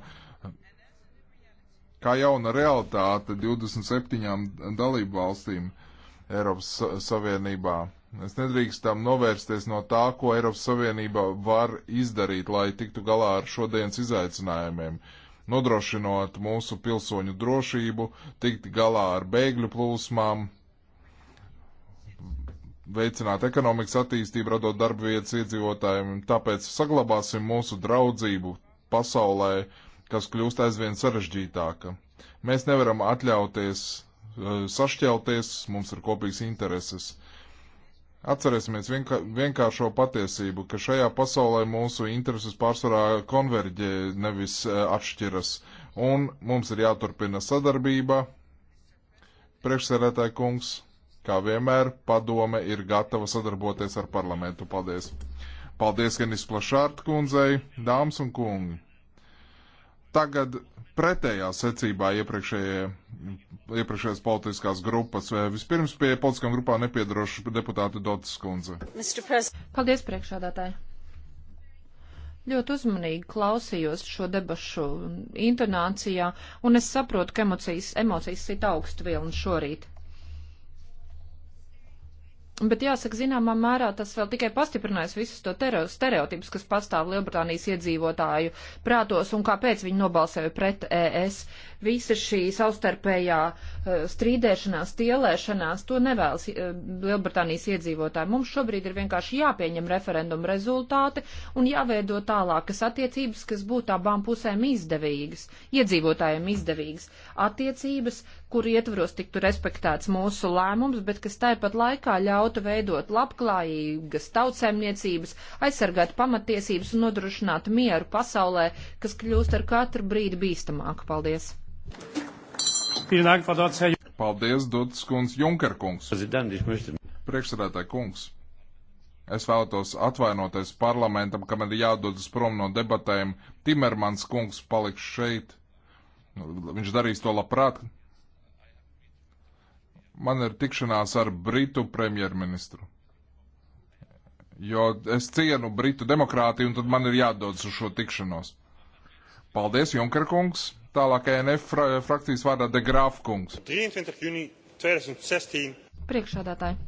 Kā jauna realitāte 27 dalību valstīm Eiropas Savienībā. Mēs nedrīkstam novērsties no tā, ko Eiropas Savienība var izdarīt, lai tiktu galā ar šodienas izaicinājumiem, nodrošinot mūsu pilsoņu drošību, tikt galā ar bēgļu plūsmām, veicināt ekonomikas attīstību, radot darba vietas iedzīvotājiem. Tāpēc saglabāsim mūsu draudzību pasaulē, kas kļūst aizvien sarežģītāka. Mēs nevaram atļauties eh, sašķelties, mums ir kopīgs intereses. Atcerēsimies vienka, vienkāršo patiesību, ka šajā pasaulē mūsu intereses pārsvarā konverģē, nevis eh, atšķiras, un mums ir jāturpina sadarbība. Priekšsēdētāji kungs, Kā vienmēr, padome ir gatava sadarboties ar parlamentu. Paldies! Paldies, Genis Plašārt kundzei, dāmas un kungi! Tagad pretējā secībā iepriekšējās politiskās grupas. Vispirms pie politiskām grupām nepiedarošu deputātu Dotas kundze. Paldies, priekšādātāji! Ļoti uzmanīgi klausījos šo debašu intonācijā, un es saprotu, ka emocijas, emocijas sit augstu vilni šorīt. Bet jāsaka, zināmā mērā tas vēl tikai pastiprinājis visus to stereotipus, kas pastāv Lielbritānijas iedzīvotāju prātos un kāpēc viņi nobalsēja pret ES visa šī savstarpējā eh, strīdēšanās, tielēšanās, to nevēlas eh, Lielbritānijas iedzīvotāji. Mums šobrīd ir vienkārši jāpieņem referendumu rezultāti un jāveido tālākas attiecības, kas būtu abām pusēm izdevīgas, iedzīvotājiem izdevīgas attiecības, kur ietvaros tiktu respektēts mūsu lēmums, bet kas tāpat laikā ļautu veidot labklājīgas tautsēmniecības, aizsargāt pamatiesības un nodrošināt mieru pasaulē, kas kļūst ar katru brīdi bīstamāku. Paldies! Paldies, Dots kungs, Junker kungs. Priekšsēdētāji kungs, es vēlētos atvainoties parlamentam, kam ir jādodas prom no debatēm. Timermans kungs paliks šeit. Viņš darīs to labprāt. Man ir tikšanās ar Britu premjerministru. Jo es cienu Britu demokrātiju, un tad man ir jādodas uz šo tikšanos. Paldies, Junker kungs! tālāk ENF frakcijas vārdā de Grāfkungs. 23. jūnija 2016. Priekšādātāji.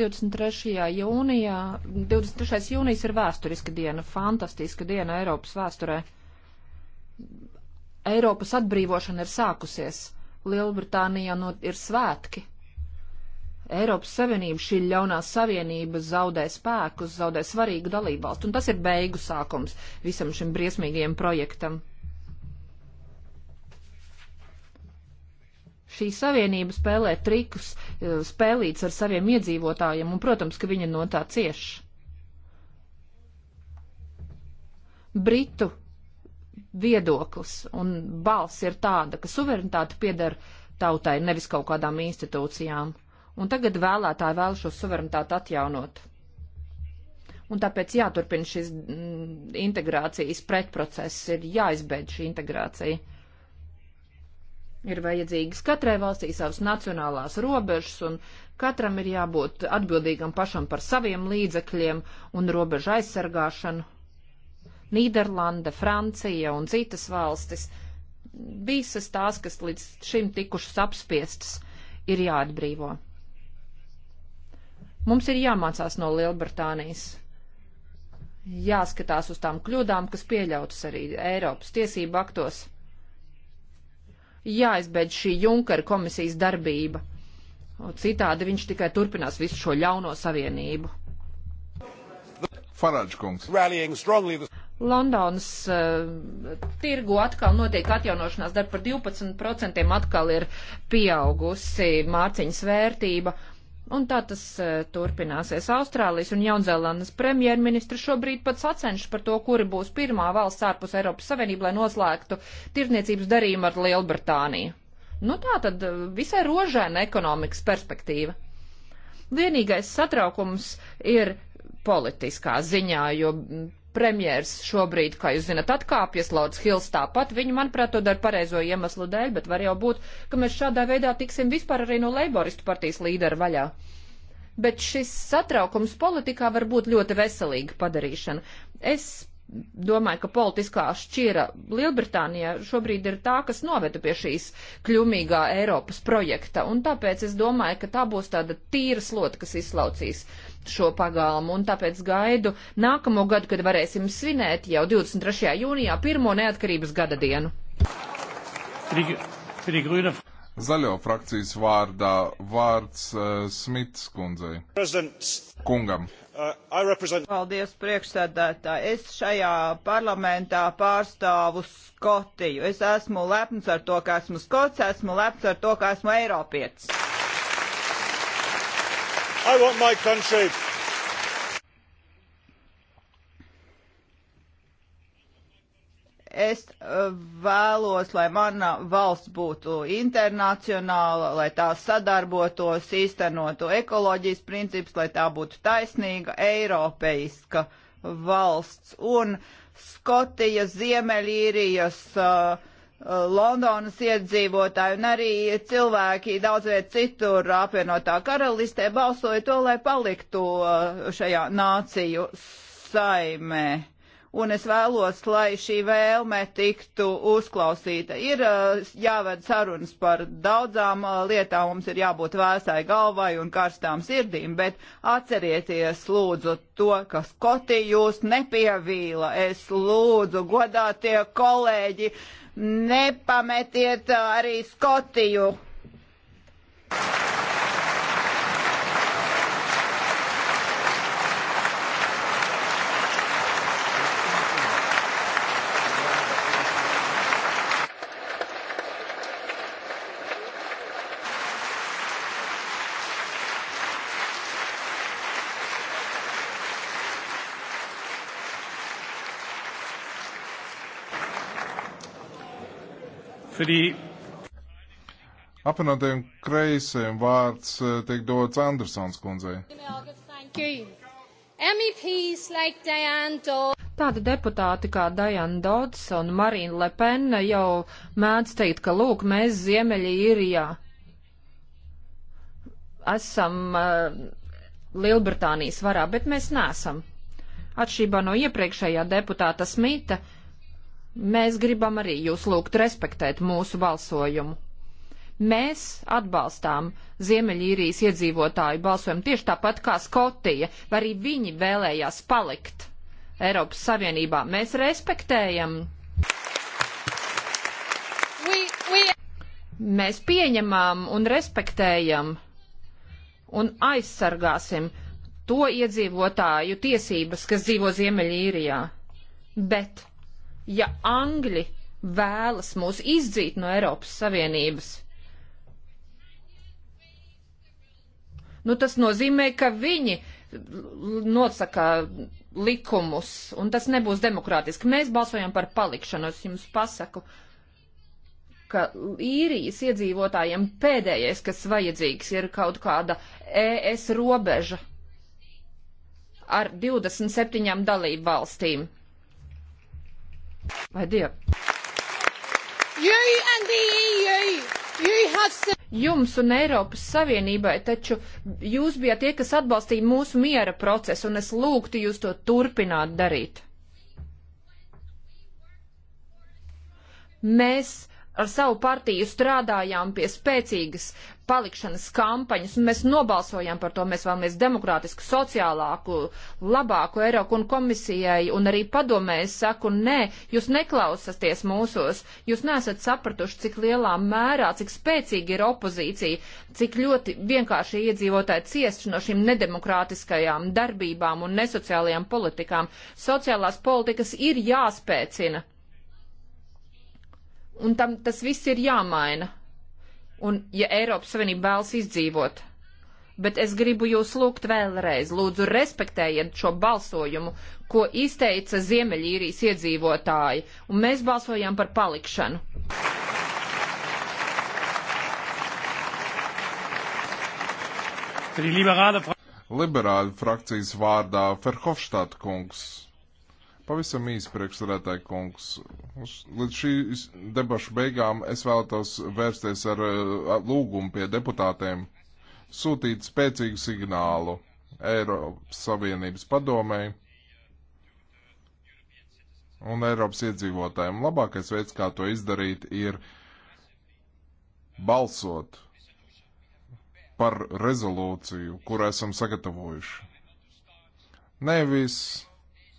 23. jūnijā, 23. jūnijas ir vēsturiska diena, fantastiska diena Eiropas vēsturē. Eiropas atbrīvošana ir sākusies. Lielbritānijā no, ir svētki. Eiropas Savienība, šī ļaunā savienība zaudē spēkus, zaudē svarīgu dalībvalstu, un tas ir beigu sākums visam šim briesmīgajam projektam. Šī savienība spēlē trikus, e, spēlīts ar saviem iedzīvotājiem, un, protams, ka viņa no tā cieš. Britu viedoklis un balss ir tāda, ka suverenitāte pieder tautai, nevis kaut kādām institūcijām. Un tagad vēlētāji vēl šo suverenitāti atjaunot un tāpēc jāturpina šis mm, integrācijas pretprocess, ir jāizbeidz šī integrācija ir vajadzīgas. Katrai valstī savas nacionālās robežas, un katram ir jābūt atbildīgam pašam par saviem līdzekļiem un robežu aizsargāšanu. Nīderlanda, Francija un citas valstis, visas tās, kas līdz šim tikušas apspiestas, ir jāatbrīvo. Mums ir jāmācās no Lielbritānijas. Jāskatās uz tām kļūdām, kas pieļautas arī Eiropas tiesību aktos jāizbeidz šī Junkara komisijas darbība. Citādi viņš tikai turpinās visu šo ļauno savienību. Farāģis kungs. Londonas uh, tirgu atkal notiek atjaunošanās darba par 12%, atkal ir pieaugusi mārciņas vērtība, Un tā tas uh, turpināsies. Austrālijas un Jaunzēlandes premjerministri šobrīd pat sacenšas par to, kuri būs pirmā valsts ārpus Eiropas Savienība, lai noslēgtu tirdzniecības darījumu ar Lielbritāniju. Nu tā tad uh, visai rožēna ekonomikas perspektīva. Vienīgais satraukums ir politiskā ziņā, jo premjers šobrīd, kā jūs zinat, atkāpjas Lauds Hils tāpat. Viņi, manuprāt, to dara pareizo iemeslu dēļ, bet var jau būt, ka mēs šādā veidā tiksim vispār arī no Leiboristu partijas līdera vaļā. Bet šis satraukums politikā var būt ļoti veselīga padarīšana. Es domāju, ka politiskā šķira Lielbritānijā šobrīd ir tā, kas noveda pie šīs kļumīgā Eiropas projekta. Un tāpēc es domāju, ka tā būs tāda tīra slota, kas izslaucīs šo pagalmu, un tāpēc gaidu nākamo gadu, kad varēsim svinēt jau 23. jūnijā pirmo neatkarības gada dienu. Zaļo frakcijas vārdā vārds uh, Smits kundzei. Kungam. Uh, represent... Paldies priekšsēdētāji. Es šajā parlamentā pārstāvu Skotiju. Es esmu lepns ar to, ka esmu Skots, esmu lepns ar to, ka esmu Eiropietis. I want my country. Es uh, vēlos, lai mana valsts būtu internacionāla, lai tā sadarbotos, īstenotu ekoloģijas principus, lai tā būtu taisnīga, eiropeiska valsts. Un Skotija, Ziemeļīrijas uh, Uh, Londonas iedzīvotāji un arī cilvēki daudz viet citur apvienotā karalistē balsoja to, lai paliktu uh, šajā nāciju saimē un es vēlos, lai šī vēlme tiktu uzklausīta. Ir eh, jāved sarunas par daudzām eh, lietām, mums ir jābūt vēsai galvai un karstām sirdīm, bet atcerieties, lūdzu, to, ka Skoti jūs nepievīla. Es lūdzu, godātie kolēģi, nepametiet eh, arī Skotiju. Thank you. die... Apvienotajiem kreisiem vārds eh, tiek dots Andersons kundzei. E Tādi deputāti kā Diana Dodds un Marina Lepena jau mēdz teikt, ka lūk, mēs Ziemeļīrijā esam uh, Lielbritānijas varā, bet mēs nesam. Atšķirībā no iepriekšējā deputāta Smita, uh, Mēs gribam arī jūs lūgt respektēt mūsu balsojumu. Mēs atbalstām Ziemeļīrijas iedzīvotāju balsojumu tieši tāpat kā Skotija, vai arī viņi vēlējās palikt Eiropas Savienībā. Mēs respektējam. We, we... Mēs pieņemam un respektējam un aizsargāsim to iedzīvotāju tiesības, kas dzīvo Ziemeļīrijā. Bet ja Angļi vēlas mūs izdzīt no Eiropas Savienības. Nu, tas nozīmē, ka viņi nosaka likumus, un tas nebūs demokrātiski. Mēs balsojam par palikšanu, es jums pasaku, ka īrijas iedzīvotājiem pēdējais, kas vajadzīgs, ir kaut kāda ES robeža ar 27 dalību valstīm. Vai Dievu? Jums un Eiropas Savienībai taču jūs bijat tie, kas atbalstīja mūsu miera procesu, un es lūgtu jūs to turpināt darīt. Mēs ar savu partiju strādājām pie spēcīgas palikšanas kampaņas, un mēs nobalsojām par to, mēs vēlamies demokrātisku, sociālāku, labāku Eiropu un komisijai, un arī padomē es saku, nē, jūs neklausasties mūsos, jūs nesat sapratuši, cik lielā mērā, cik spēcīgi ir opozīcija, cik ļoti vienkārši iedzīvotāji ciest no šīm nedemokrātiskajām darbībām un nesociālajām politikām. Sociālās politikas ir jāspēcina. Un tam tas viss ir jāmaina un ja Eiropas Savienība vēlas izdzīvot. Bet es gribu jūs lūgt vēlreiz, lūdzu respektējiet šo balsojumu, ko izteica Ziemeļīrijas iedzīvotāji, un mēs balsojām par palikšanu. Liberāla frakcijas vārdā Ferhofstāt kungs. Pavisam īsi priekšsarētāji kungs. Līdz šī debašu beigām es vēlētos vērsties ar, ar uh, lūgumu pie deputātiem sūtīt spēcīgu signālu Eiropas Savienības padomēji un Eiropas iedzīvotājiem. Labākais veids, kā to izdarīt, ir balsot par rezolūciju, kuru esam sagatavojuši. Nevis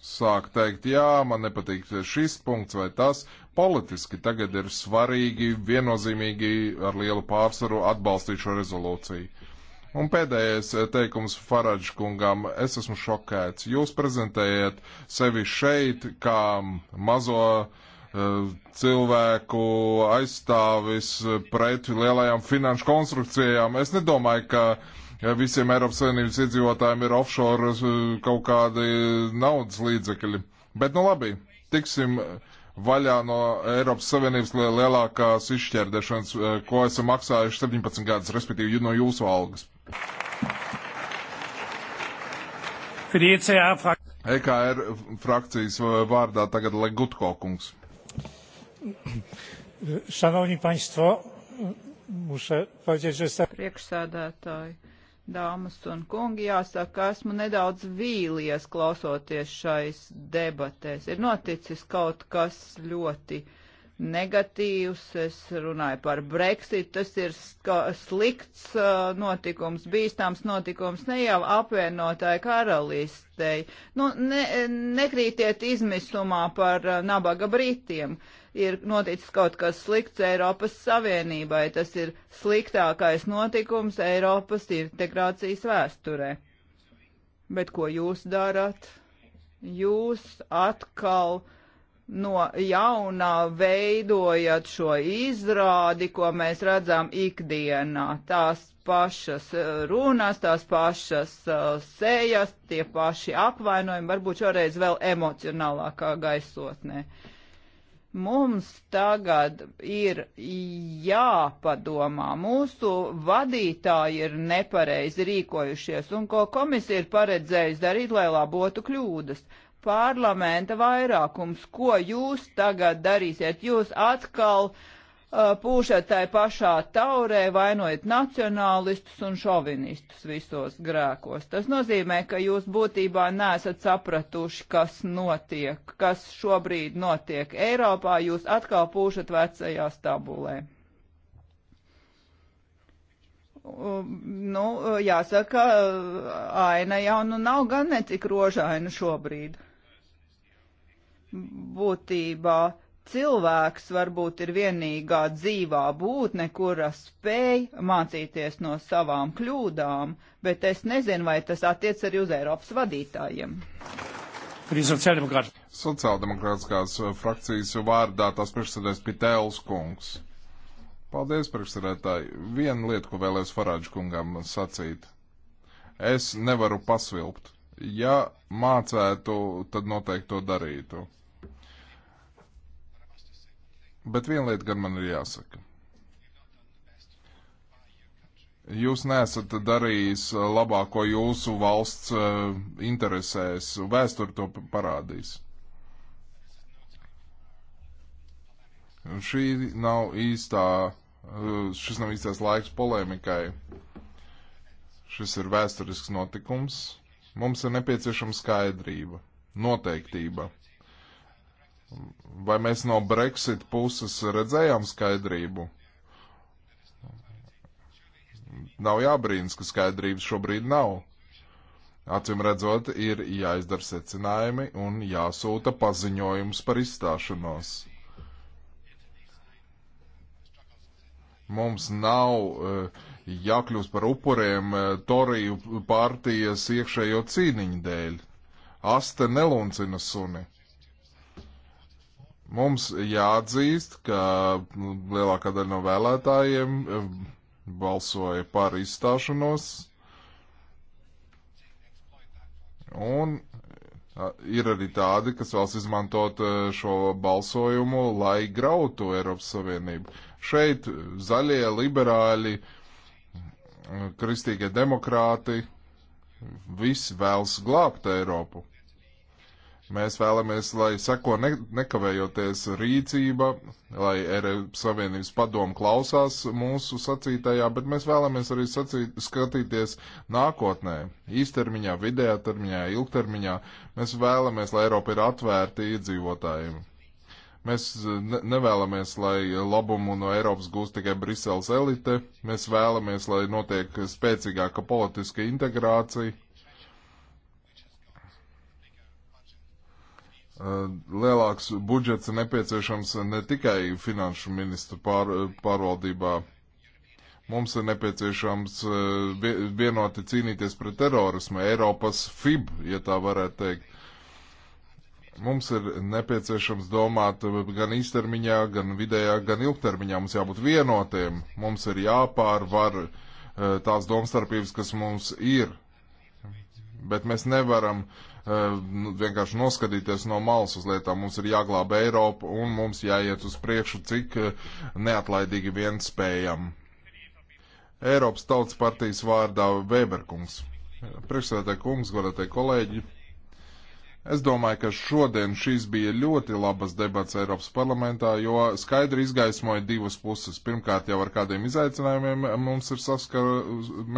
sāk teikt, jā, man nepatīk šis punkts vai tas. Politiski tagad ir svarīgi viennozīmīgi ar lielu pārsvaru atbalstīt šo rezolūciju. Un pēdējais eh, teikums Faradž kungam, es esmu šokēts. Jūs prezentējat sevi šeit kā mazo uh, cilvēku aizstāvis pret lielajām finanšu konstrukcijām. Es nedomāju, ka uh, ja visiem Eiropas Savienības iedzīvotājiem ir offshore eh, kaut kādi naudas līdzekļi. Bet nu labi, tiksim eh, vaļā no Eiropas Savienības lielākās izšķērdešanas, eh, ko esam maksājuši 17 gadus, respektīvi no jūsu algas. EKR frakcijas vārdā tagad Legutko kungs. Šanovni paņstvo, muša paģēt, že... Priekšsēdētāji Dāmas un kungi, jāsaka, esmu nedaudz vīlies klausoties šais debatēs. Ir noticis kaut kas ļoti negatīvs, es runāju par Brexit, tas ir slikts notikums, bīstams notikums ne jau apvienotāju karalistei. Nu, ne, nekrītiet izmisumā par nabaga brītiem. Uh, ir noticis kaut kas slikts Eiropas Savienībai. Tas ir sliktākais notikums Eiropas integrācijas vēsturē. Bet ko jūs darat? Jūs atkal no jaunā veidojat šo izrādi, ko mēs redzam ikdienā. Tās pašas eh, runas, tās pašas uh, eh, sejas, tie paši apvainojumi, varbūt šoreiz vēl emocionālākā gaisotnē. Uh, Mums tagad ir jāpadomā, mūsu vadītāji ir nepareizi rīkojušies, un ko komisija ir paredzējusi darīt, lai labotu kļūdas parlamenta vairākums. Ko jūs tagad darīsiet? Jūs atkal uh, Uh, pūšat tai pašā taurē, vainojat nacionālistus un šovinistus visos grēkos. Tas nozīmē, ka jūs būtībā nesat sapratuši, kas notiek, kas šobrīd notiek Eiropā, jūs atkal pūšat vecajā stabulē. Uh, nu, uh, jāsaka, aina jau nu nav gan necik rožaina šobrīd. Būtībā. Uh, cilvēks varbūt ir vienīgā dzīvā būtne, kura spēj mācīties no savām kļūdām, bet es nezinu, vai tas attiec arī uz Eiropas vadītājiem. Sociāldemokrātiskās eh, frakcijas vārdā tās priekšsēdēs Pitēls kungs. Paldies, priekšsēdētāji. Viena lieta, ko vēlēs Farāģu kungam sacīt. Es nevaru pasvilpt. Ja mācētu, tad noteikti to darītu Bet viena lieta gan man ir jāsaka. Jūs nesat darījis labāko jūsu valsts eh, interesēs, vēsture to parādīs. Šī nav īstā, eh, šis nav īstais laiks polēmikai. Šis ir vēsturisks notikums. Mums ir nepieciešama skaidrība, noteiktība. Vai mēs no Brexit puses redzējām skaidrību? Nav jābrīnas, ka skaidrības šobrīd nav. Acim redzot, ir jāizdara secinājumi un jāsūta paziņojums par izstāšanos. Mums nav uh, jākļūst par upuriem uh, Toriju partijas iekšējo cīniņu dēļ. Aste neluncina suni. Mums jāatzīst, ka nu, lielākā daļa no vēlētājiem eh, balsoja par izstāšanos. Un ir arī tādi, kas vēlas izmantot eh, šo balsojumu, lai grautu Eiropas Savienību. Šeit zaļie, liberāļi, kristīgie demokrāti, visi vēlas glābt Eiropu. Mēs vēlamies, lai seko ne, nekavējoties rīcība, lai Eiropas Savienības padomu klausās mūsu sacītajā, bet mēs vēlamies arī sacīt, skatīties nākotnē, īstermiņā, vidējā termiņā, ilgtermiņā. Mēs vēlamies, lai Eiropa ir atvērta iedzīvotājiem. Mēs e, ne, nevēlamies, lai labumu no Eiropas gūst tikai Briseles elite. Mēs vēlamies, lai notiek spēcīgāka politiska integrācija Uh, lielāks budžets ir nepieciešams ne tikai finanšu ministru pār, pārvaldībā. Mums ir nepieciešams uh, vienoti cīnīties pret terorismu, Eiropas FIB, ja tā varētu teikt. Mums ir nepieciešams domāt gan īstermiņā, gan vidējā, gan ilgtermiņā. Mums jābūt vienotiem. Mums ir jāpārvar uh, tās domstarpības, kas mums ir. Bet mēs nevaram uh, Eh, nu, vienkārši noskatīties no malas uz lietām. Mums ir jāglāba Eiropa un mums jāiet uz priekšu, cik eh, neatlaidīgi vien spējam. Eiropas Tautas partijas vārdā Weberkungs. Priekšsēdētāji kungs, godātie kolēģi. Es domāju, ka šodien šīs bija ļoti labas debats Eiropas parlamentā, jo skaidri izgaismoja divas puses. Pirmkārt, jau ar kādiem izaicinājumiem mums ir saskar,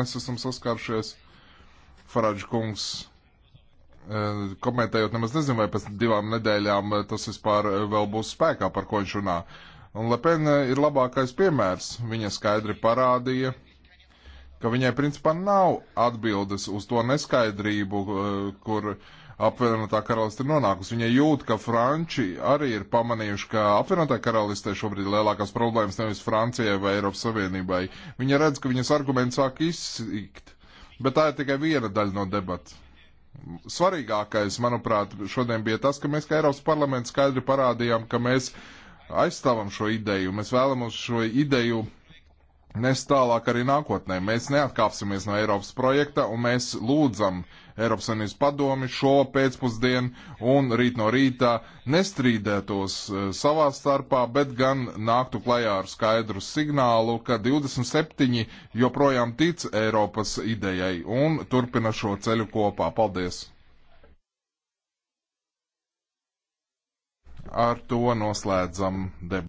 mēs esam saskārušies. Farāģis kungs Eh, komentējot, nemaz nezinu, vai pēc divām nedēļām eh, tas vispār eh, vēl būs spēkā, par ko viņš runā. Un Lepena ir labākais piemērs. Viņa skaidri parādīja, ka viņai principā nav atbildes uz to neskaidrību, kur apvienotā karaliste ir nonākusi. Viņa jūt, ka Franči arī ir pamanījuši, ka apvienotā karalistē šobrīd lielākās problēmas nevis Francijai vai Eiropas Savienībai. Viņa redz, ka viņas argumenti sāk izsikt. Bet tā ir tikai viena daļa no debatas. Svarīgākais, manuprāt, šodien bija tas, ka mēs kā Eiropas parlaments skaidri parādījām, ka mēs aizstāvam šo ideju, mēs vēlamies šo ideju nest tālāk arī nākotnē. Mēs neatkāpsimies no Eiropas projekta un mēs lūdzam uh, Eiropas Savienības padomi šo pēcpusdienu un rīt no rītā nestrīdētos eh, savā starpā, bet gan nāktu klajā ar skaidru signālu, ka 27 joprojām tic Eiropas idejai un turpina šo ceļu kopā. Paldies! Ar to noslēdzam debatu.